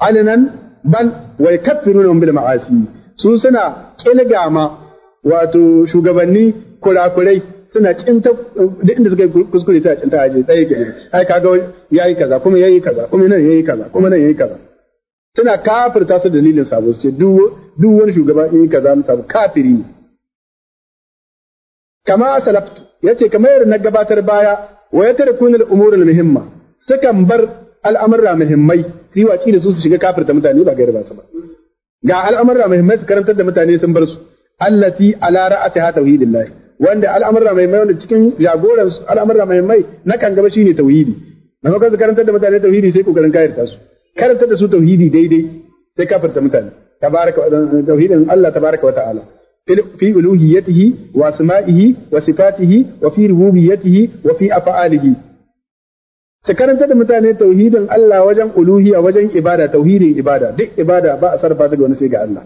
alanan bal wa yakaffirunahum bil ma'asi su suna kilgama wato shugabanni kurakurai suna cinta duk inda suka kuskure ta cinta aje tsaye kenan ai kaga yayi kaza kuma yayi kaza kuma nan yayi kaza kuma nan yayi kaza tana kafirta su dalilin sabo su ce duk wani shugaba in za mu sabo kafiri ne kama salaftu yace kamar yadda na gabatar baya wa ya al kunar al-muhimma sukan bar al'amurra muhimmai su yi waci da su su shiga kafirta mutane ba gari ba su ba ga al'amurra muhimmai su karantar da mutane sun bar su allati ala ra'atiha tauhidillahi wanda al'amurra muhimmai wanda cikin jagoran al'amurra muhimmai na kan gaba shine tauhidi maimakon su karantar da mutane tauhidi sai kokarin kayar su karanta da su tauhidi daidai sai ka furta mutane tabaraka tauhidin Allah tabaraka wa ta'ala sifatihi wa fi وصفاته wa fi وفي sai Karanta da mutane tauhidin Allah wajen uluhiya wajen ibada tauhidin ibada duk ibada ba a sarfa daga wani sai ga Allah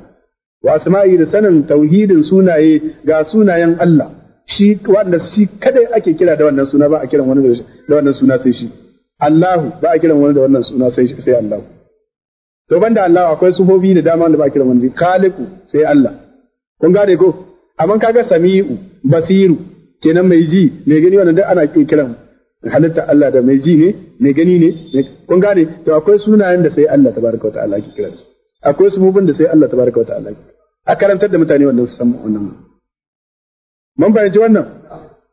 wa asma'i da sanin tauhidin sunaye ga sunayen Allah shi wanda shi kadai ake kira da wannan suna ba a kiran wani da wannan suna sai shi Allahu ba a kiran wani da wannan suna sai sai Allahu to banda Allahu akwai sufofi da dama wanda ba a kiran wani khaliqu sai Allah kun gane ko amma kaga sami'u basiru kenan mai ji mai gani wannan duk ana kiran halitta Allah da mai ji ne mai gani ne kun gane to akwai sunayen da sai Allah tabaraka wa ta'ala ke kira, akwai sufofin da sai Allah tabaraka wa ta'ala ke a karantar da mutane wannan su san wannan mun bayyana wannan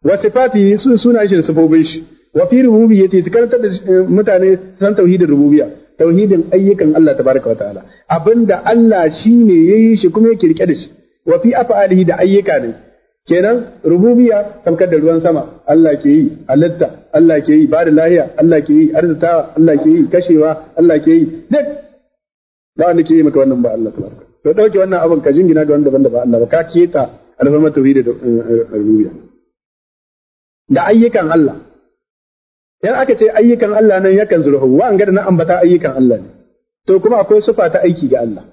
Wasifati sifati sun suna shi da shi wa fi rububiyyati su karantar da mutane san tauhidin rububiyya tauhidin ayyukan Allah tabaraka wa ta'ala abinda Allah shine yayi shi kuma yake rike da shi wa fi af'alihi da ayyuka ne kenan rububiyya samkar da ruwan sama Allah ke yi halitta Allah ke yi bada lahiya Allah ke yi arzutawa Allah ke yi kashewa Allah ke yi duk ba wanda ke yi maka wannan ba Allah tabaraka to dauke wannan abin ka jingina ga wanda banda ba Allah ba ka keta alfarmar tauhid da rububiyya da ayyukan Allah in aka ce ayyukan Allah nan yakan zurhu an gada na ambata ayyukan Allah ne to kuma akwai sufa ta aiki ga Allah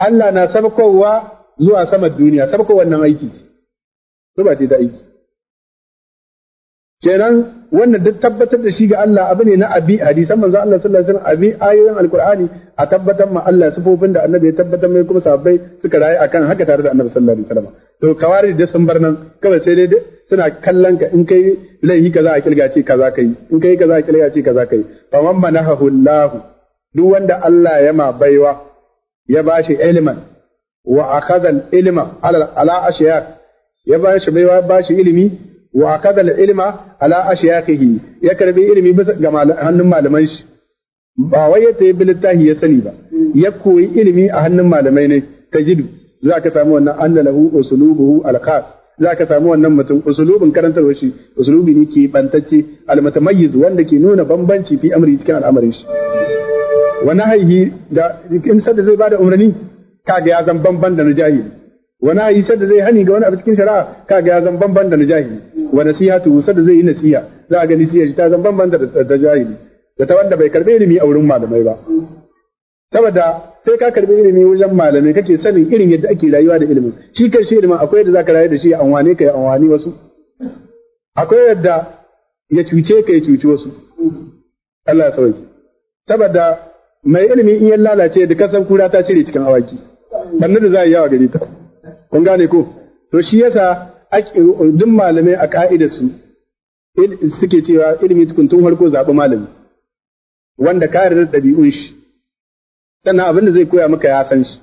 Allah na sabkowa zuwa saman duniya sabko wannan aiki sufa ce ta aiki kenan wannan duk tabbatar da shi ga Allah abu ne na abi hadisan manzo Allah sallallahu alaihi wasallam abi ayoyin alqur'ani a tabbatar ma Allah sifofin da annabi ya tabbatar mai kuma sahabbai suka rayu akan haka tare da annabi sallallahu alaihi wasallam to kawari da sun bar nan kawai sai dai suna kallon ka in kai laifi kaza a ce kaza kai in kai kaza a ce kaza kai fa man manahu Allah duk wanda Allah ya ma baiwa ya bashi ilman wa akhadha al-ilma ala ala ashiya ya bashi baiwa bashi ilimi wa akhadha al-ilma ala ashiyakihi ya karbi ilimi bisa ga hannun malaman shi ba wai ya tayi littafi ya sani ba ya koyi ilimi a hannun malamai ne tajidu za ka samu wannan anna lahu usulubuhu alkhas za ka samu wannan mutum usulubin karantarwa shi usulubi ne ke bantacce almutamayyiz wanda ke nuna bambanci fi amri cikin al'amarin shi Wani haihi da in sadda zai bada umarni kaga ya zan bamban da najahi wani ayi sadda zai hani ga wani abu cikin shari'a kaga ya zan bamban da najahi wa nasihatu sadda zai yi nasiha za a ga nasiha ta zan bamban da najahi da ta wanda bai karbe ilimi a wurin malamai ba saboda sai ka karbi ilimi wajen malamai kake sanin irin yadda ake rayuwa da ilimin shi kan shi ilimin akwai yadda zaka rayu da shi wane ka an wani wasu akwai yadda ya cuce ka ya cuci wasu Allah ya sauki saboda mai ilimi in ya lalace da kasan kura ta cire cikin awaki bannin da za yi yawa gari ta kun gane ko to shi yasa duk malamai a ka'idar su suke cewa ilimi tukuntun tun farko zaɓi malami wanda ka yarda ɗabi'un shi sannan abin da zai koya maka ya san shi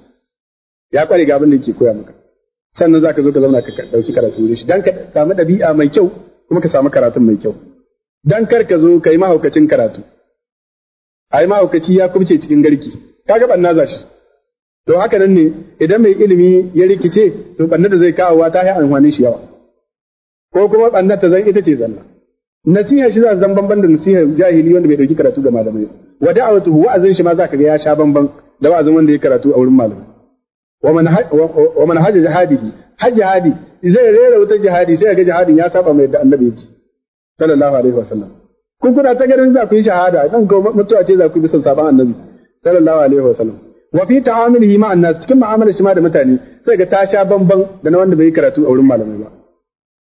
ya kware ga abin da yake koya maka sannan zaka zo ka zauna ka ɗauki karatu da shi dan ka samu dabi'a mai kyau kuma ka sami karatun mai kyau dan kar ka zo ka yi mahaukacin karatu ai mahaukaci ya kubce cikin garki kaga banna za shi to haka nan ne idan mai ilimi ya rikice to banna da zai wa ta yi amfanin shi yawa ko kuma banna ta zan ita ce zanna nasiha shi za zan banban da nasiha jahili wanda bai dauki karatu ga malamai wa da'awatuhu wa'azin shi ma zaka ga ya sha banban da wa'azin wanda ya karatu a wurin malamai wa man hajja jihadihi hajji hadi zai rera wutar jihadi sai ga jihadin ya saba mai da annabi ce sallallahu alaihi wasallam kun kuna ta garin za ku yi shahada dan ga mutuwa ce za ku bi saban annabi sallallahu alaihi wasallam wa fi ta'amulihi ma'an nas cikin mu'amalar shi ma da mutane sai ga ta sha banban da na wanda bai karatu a wurin malamai ba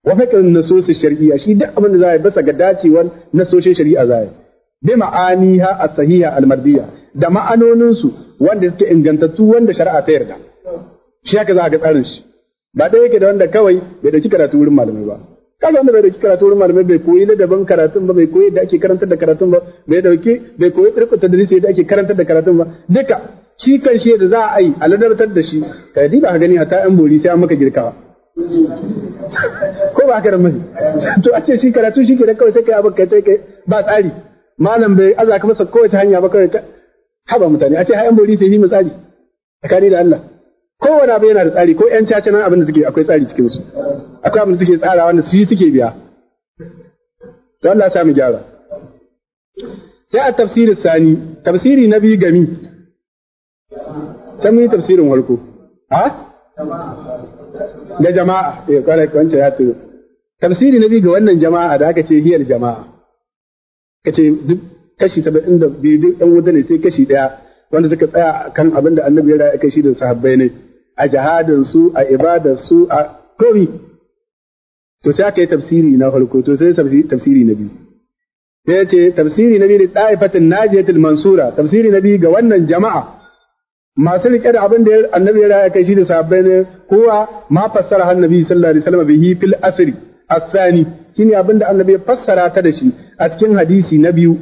wa fiqhin nusus shar'iyya shi duk abin da za a yi bisa ga dacewar nasoshin shari'a za a yi bi ha a sahiha al-mardiyya da ma'anonin su wanda suke ingantattu wanda shari'a ta yarda shi haka za a ga tsarin shi ba dai yake da wanda kawai bai dauki karatu wurin malamai ba kaga wanda bai dauki karatu wurin malamai bai koyi ladabin karatun ba bai koyi da ake karantar da karatun ba bai dauki bai koyi tsirkun tadrisi da ake karantar da karatun ba duka shi kan shi da za a yi a ladabtar da shi ka diba ka gani a ta'an bori sai an maka girkawa ko ba ka da mani to a ce shi karatu shi ke da kawai sai kai abin kai kai ba tsari malam bai aza ka masa kowace hanya ba kawai haba mutane a ce hayan bori sai yi mu tsari tsakani da Allah kowane abu yana da tsari ko yan caca nan abin da suke akwai tsari cikin su akwai abin da suke tsara wanda su suke biya to Allah ya mu gyara sai a tafsiri sani tafsiri na gami can mun yi tafsirin warko ha na jama'a eh kwarai wancan ya tuno tafsiri na biyu ga wannan jama'a da aka ce hiyar jama'a kace duk kashi biyu duk ɗan wuta ne sai kashi ɗaya wanda suka tsaya kan abin da annabi ya raya kashi da sahabbai ne a jihadin su a ibadar su a komi to sai aka yi tafsiri na farko to sai tafsiri na biyu sai ce tafsiri na biyu da ta'ifatin najiyatul mansura tafsiri na biyu ga wannan jama'a masu rike da abin da annabi ya raya kai shi da sahabbai ne kowa ma fassara annabi sallallahu alaihi wasallam bihi fil asri asani shine abin da annabi ya fassara ta da shi a cikin hadisi na biyu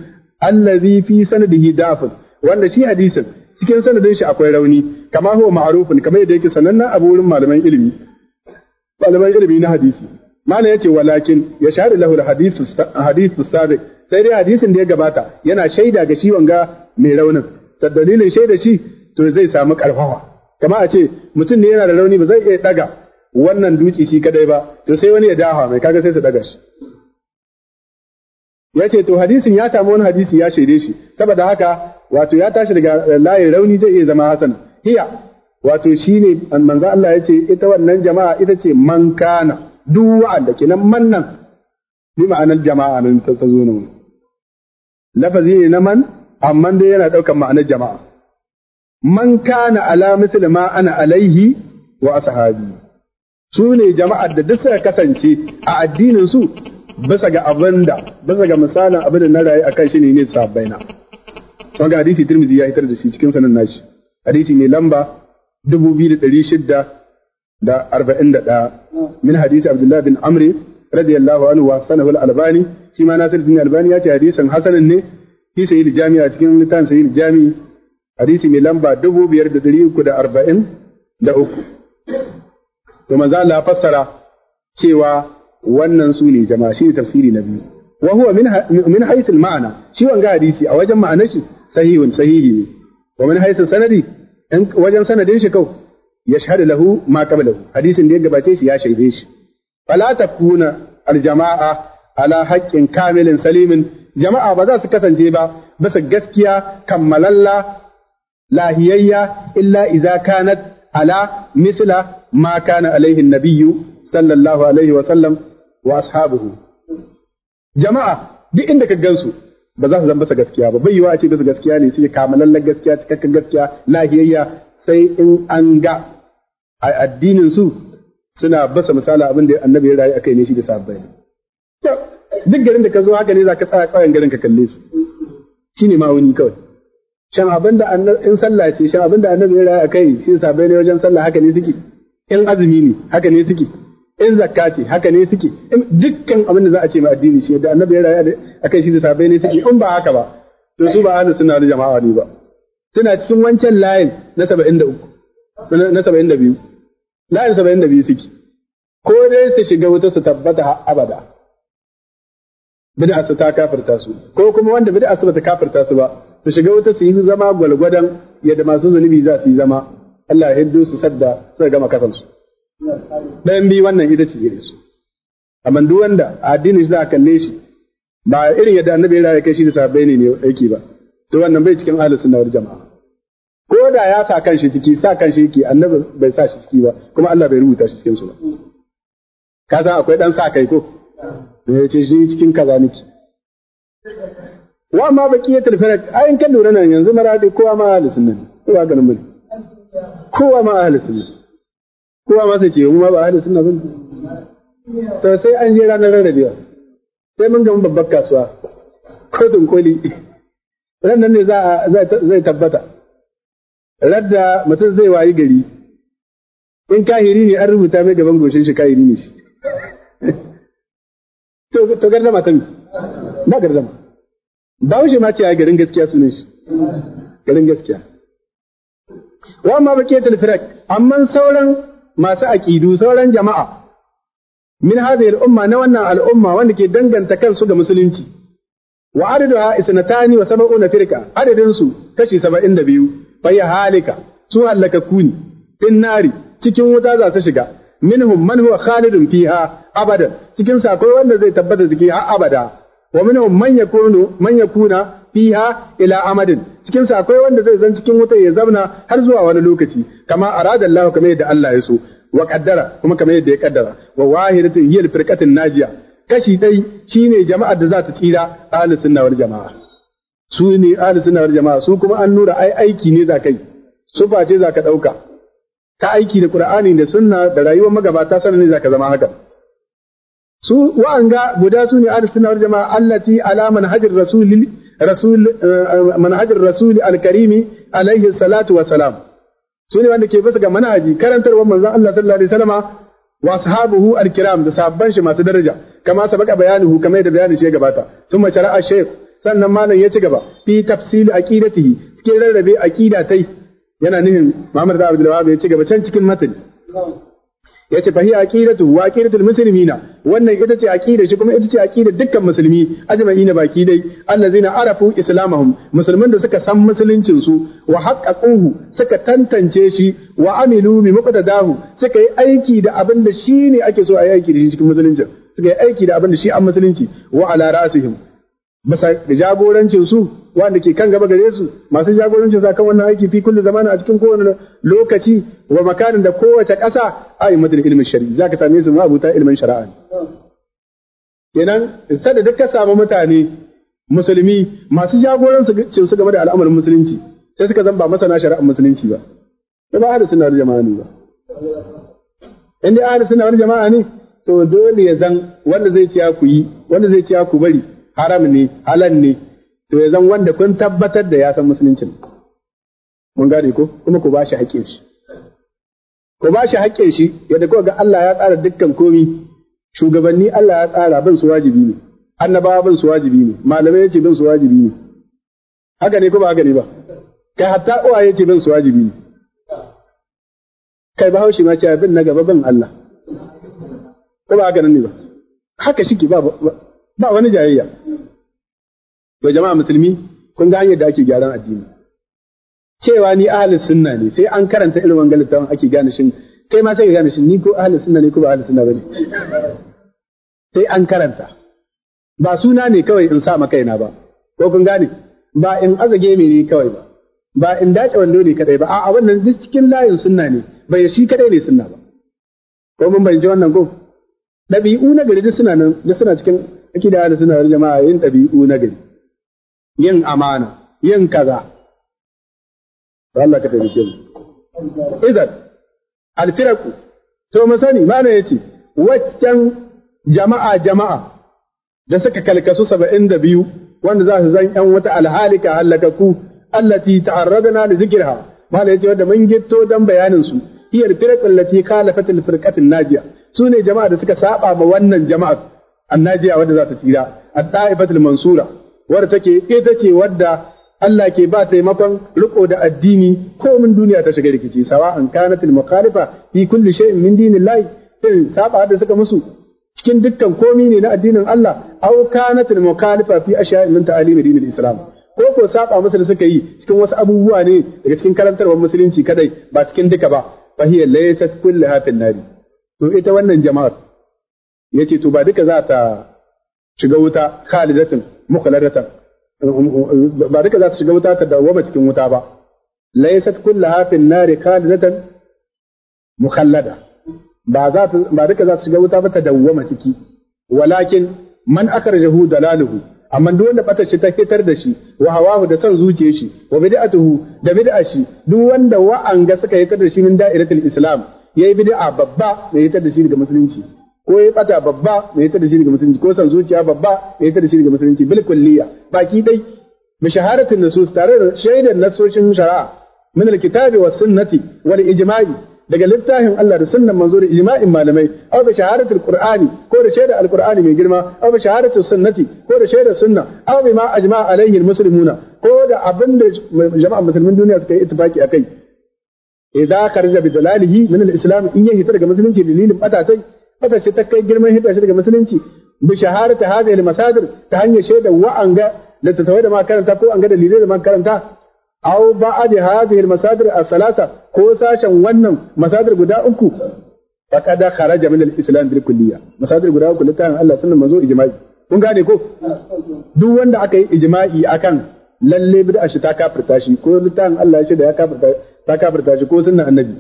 allazi fi sanadihi dafin wanda shi hadisin cikin sanadin shi akwai rauni kama huwa ma'rufun kamar yadda yake sanannen abu wurin malaman ilimi malaman ilimi na hadisi malam yace walakin ya shahada lahu hadithu hadithu sabiq sai dai hadisin da ya gabata yana shaida ga shi wanga mai raunin dalilin shaida shi to zai samu karfafa kama a ce mutum ne yana da rauni ba zai iya ɗaga wannan dutse shi kadai ba to sai wani ya dafa mai kaga sai su daga shi ya ce to hadisin ya samu wani hadisi ya shaide shi saboda haka wato ya tashi daga layin rauni zai iya zama hasana hiya wato shine manza Allah ya ce ita wannan jama'a ita ce man kana duk wa'anda kenan man bi ma'anar jama'a nan ta zo nan lafazi ne na man amma dai yana ɗaukar ma'anar jama'a man kana ala misli ma ana alaihi wa ashabi su ne jama'ar da duk suka kasance a addinin su bisa ga abinda bisa ga misalin abin da na rayu akan shi ne ne na. to ga hadisi Tirmidhi ya hitar da shi cikin sanan nashi hadisi ne lamba 2641 min hadisi Abdullah bin Amr radiyallahu anhu wa sanahu al-Albani shi ma Nasir bin Albani ya ce hadisin hasanan ne fi sayyid jami'a cikin litan sayyid jami'a hadisi mai lamba dubu biyar da dari uku da arba'in da uku. To manzo Allah fassara cewa wannan su ne jama'a shi ne tafsiri na biyu. Wa huwa min haisul ma'ana shi wanga hadisi a wajen ma'anar shi sahihun sahihi ne. Wa min haisul sanadi wajen sanadin shi kau shahada lahu ma qablahu hadisin da ya gabace shi ya shaide shi. Fala takuna aljama'a ala haqqin kamilin salimin jama'a ba za su kasance ba bisa gaskiya kammalalla lahiyayya illa idza kanat ala misla ma kana alaihi nabiyyu sallallahu alaihi wa sallam wa ashabuhu jama'a duk inda ka gansu ba za su zama bisa gaskiya ba bai yiwa a ce bisa gaskiya ne sai kamalallen gaskiya cikakken gaskiya lahiyayya sai in an ga a addinin su suna basa misali abin da annabi ya rayu akai ne shi da sabbai duk garin da ka zo haka ne za ka tsaya tsayin garin ka kalle su shine ma wani kawai shan abin da in sallah ce shan abin da annabi ya raya kai shi sabai ne wajen sallah haka ne suke in azumi ne haka ne suke in zakka ce haka ne suke in dukkan abin da za a ce ma addini shi da annabi ya raya akai shi da sabai ne suke in ba haka ba to su ba ahlus sunna da jama'a ne ba suna cikin wancan layin na 73 na 72 layin 72 suke ko dai su shiga wuta su tabbata abada bid'a su ta kafirta su ko kuma wanda bid'a su bata kafirta su ba su shiga wuta su yi zama gwalgwadon yadda masu zunubi za su yi zama Allah ya hindu su sadda suka gama kafansu. ɗayan biyu wannan ita ce gire su amma duk wanda a addini shi za a kalle shi ba irin yadda annabi ya kai shi da sabbai ne mai aiki ba to wannan bai cikin ahlus sunna wal jama'a ko da ya sa kan shi ciki sa kan shi yake annabi bai sa shi ciki ba kuma Allah bai rubuta shi cikin su ba ka san akwai dan sa kai ko ya eh, ce shi cikin kaza niki wa baki ya firaq ai in kan lura nan yanzu maradi kowa ma ahli sunna kowa nan muni? kowa ma ahli sunna kowa ma sai ce mu ma ba ahli sunna bane to sai an je ranar rarrabewa sai mun mun babbar kasuwa kotun koli ranar ne za zai tabbata radda mutum zai wayi gari in kahiri ne an rubuta mai gaban goshin shi kahiri ne shi to gardama ta mi na gardama wuce ma ce a garin gaskiya sunan shi. Garin gaskiya. Wa ma baki ta firak, amma sauran masu aƙidu, sauran jama'a. Min hadhihi al-umma na wannan al'umma wanda ke danganta kansu ga musulunci. Wa adaduha isnatani wa sab'una firqa, adadin su kashi 72. Fa ya halika, su halaka kuni, fin nari, cikin wuta za su shiga. Minhum man huwa khalidun fiha abada, cikin sa wanda zai tabbata ciki har abada. wa minhum man yakunu man yakuna fiha ila amadin cikin sa akwai wanda zai zan cikin wuta ya zauna har zuwa wani lokaci kama arada Allah kuma yadda Allah ya so wa qaddara kuma kamar yadda ya kaddara wa wahidatin hiya firqatin najiya kashi dai shine jama'ar da za ta tsira ahli sunna wal jama'a su ne ahli sunna wal jama'a su kuma an nura ai aiki ne za kai su face za ka dauka ta aiki da qur'ani da sunna da rayuwar magabata sanan ne za ka zama haka su wa'anga guda su ne ahlus sunna wal jama'a allati ala manhajir rasul rasul eh, manhajir rasul al-karimi alayhi salatu wa salam su ne wanda ke bisa ga manhaji karantarwar manzon Allah sallallahu alaihi wasallama wa ashabuhu al-kiram da sabban shi masu daraja kama sabaka bayanuhu kamar yadda bayanin shi gabata thumma shara'a shaykh sannan malam ya ci gaba fi tafsil aqidatihi cikin rarrabe aqidatai yana nihin Muhammad da Abdul Wahab ya ci gaba can cikin matani yace fa hiya aqidatu wa aqidatul muslimina wannan ita ce aqida shi kuma ita ce aqida dukkan musulmi ajma'ina baki dai allazina arafu islamahum musulmin da suka san musuluncin su wa haqqaquhu suka tantance shi wa amilu bi muqtadahu suka yi aiki da abin da shine ake so a yi aiki da shi cikin musuluncin suka yi aiki da abin da shi an musulunci wa ala ra'sihim da jagorancin su wanda ke kan gaba gare su masu jagorancin su kan wannan aiki fi kulli zamana a cikin kowane lokaci wa makanin da kowace ƙasa a yi mutum ilimin shari'a za ka same su ma abuta ilimin shari'a kenan sada duk ka samu mutane musulmi masu jagorancin su game da al'amarin musulunci sai suka zan ba masana shari'ar musulunci ba da ba suna da jama'a ne ba in dai ahli sunna wani jama'a ne to dole ya zan wanda zai ciya ku yi wanda zai ciya ku bari haram ne halal ne to ya zan wanda kun tabbatar da ya san musulunci mun gane ko kuma ku bashi haƙƙin shi ku bashi haƙƙin shi yadda kuka ga Allah ya tsara dukkan komi shugabanni Allah ya tsara bin su wajibi ne annabawa bin su wajibi ne malamai yace bin su wajibi ne haka ne ko ba haka ne ba kai hatta uwa yace bin su wajibi ne kai bahaushe ma ce bin na gaba bin Allah ko ba haka nan ne ba haka shi ba ba wani jayayya To jama'a musulmi kun ga hanyar da ake gyaran addini. Cewa ni ahlus sunna ne sai an karanta irin wangan littafin ake gane shin kai ma sai ka gane shin ni ko ahlus sunna ne ko ba ahlus sunna bane. Sai an karanta. Ba suna ne kawai in sa maka ba. Ko kun gane? Ba in azage me ne kawai ba. Ba in dace wando ne kadai ba. A'a wannan duk cikin layin sunna ne. Bai shi kadai ne sunna ba. Ko mun bayyance wannan ko? Ɗabi'u na gari duk suna nan, duk suna cikin akida da suna jama'a yin ɗabi'u na gari. yin amana yin kaza Allah ka taimake alfiraku to mu sani mana yace waccan jama'a jama'a da suka kalkasu saba'in da biyu wanda za su zan ‘yan wata alhalika hallakaku allati ta'arradna da zikirha ya ce wadda mun gitto dan bayanin su hiya alfirqu allati khalafat alfirqat Su sune jama'a da suka saba ma wannan jama'a annajiya wanda za ta tsira at-ta'ifatul mansura wadda take ita ce wadda Allah ke ba taimakon riko da addini ko mun duniya ta shiga rikici sawa an kanatil mukhalifa fi kulli shay'in min dinillahi in saba da suka musu cikin dukkan komi ne na addinin Allah aw kanatil mukhalifa fi ashya'in min ta'alimi dinil islam ko ko saba musu da suka yi cikin wasu abubuwa ne daga cikin karantarwar musulunci kadai ba cikin duka ba fa hiya laysat kullu hafin nari to ita wannan jama'a yace to ba duka za ta shiga wuta khalidatin mukhladatan ba duka za su shiga wuta ta dawwama cikin wuta ba laysat kullaha fin nari khalidatan mukhallada ba za ba duka za su shiga wuta ba ta dawwama ciki walakin man akhrajahu dalaluhu amma duk wanda batar shi ta fitar da shi wa hawahu da son zuciye shi wa bid'atuhu da bid'a shi duk wanda wa'anga suka yi da shi min da'iratul islam yayi bid'a babba da yi da shi daga musulunci ko ya bata babba mai ta da shirga musulunci ko san zuciya babba mai ta da shirga musulunci bil kulliya baki dai bi shaharatin nusus tare da shaidar nasoshin shari'a min alkitabi was sunnati wal ijma'i daga littafin Allah da sunnan manzo da ijma'in malamai aw bi shaharatil qur'ani ko da al alqur'ani mai girma aw bi shaharatis sunnati ko da sunna aw bi ma ajma'a alaihi almuslimuna ko da abinda jama'a musulmin duniya suka yi ittifaki akai idza kharaja bi dalalihi min alislam in yahi daga musulunci dalilin batatai kasashe ta kai girman hidda shi daga musulunci bi shaharata hadhihi al-masadir ta hanyar shaida ga littattafai da ma karanta ko an ga dalilai da ma karanta aw ba'd hadhihi al-masadir as-salasa ko sashen wannan masadir guda uku faqad kharaja min al-islam bil kulliyya masadir guda uku littafin Allah sunnan manzo ijma'i kun gane ko duk wanda aka yi ijma'i akan lalle bid'a shi ta kafirta shi ko littafin Allah shi da ya kafirta ta kafirta shi ko sunnan annabi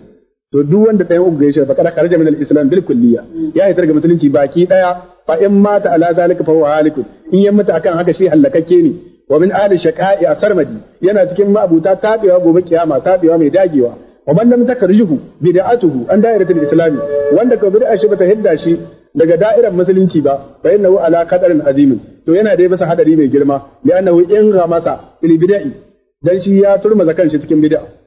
to duk wanda ɗayan uku shi fa kada kharaja min al-islam bil kulliya ya yi daga musulunci baki daya fa in mata ala zalika fa huwa halikun in ya mutu akan haka shi halakakke ne wa min ali shaqa'i asarmadi yana cikin ma'abuta tabewa gobe kiyama tabewa mai dagewa wa man lam takarjuhu bid'atuhu an da'iratul islami wanda ka bid'a shi bata hidda shi daga da'irar musulunci ba fa innahu ala qadarin azimin to yana dai masa hadari mai girma li annahu in masa fil bid'i dan shi ya turma zakan shi cikin bid'a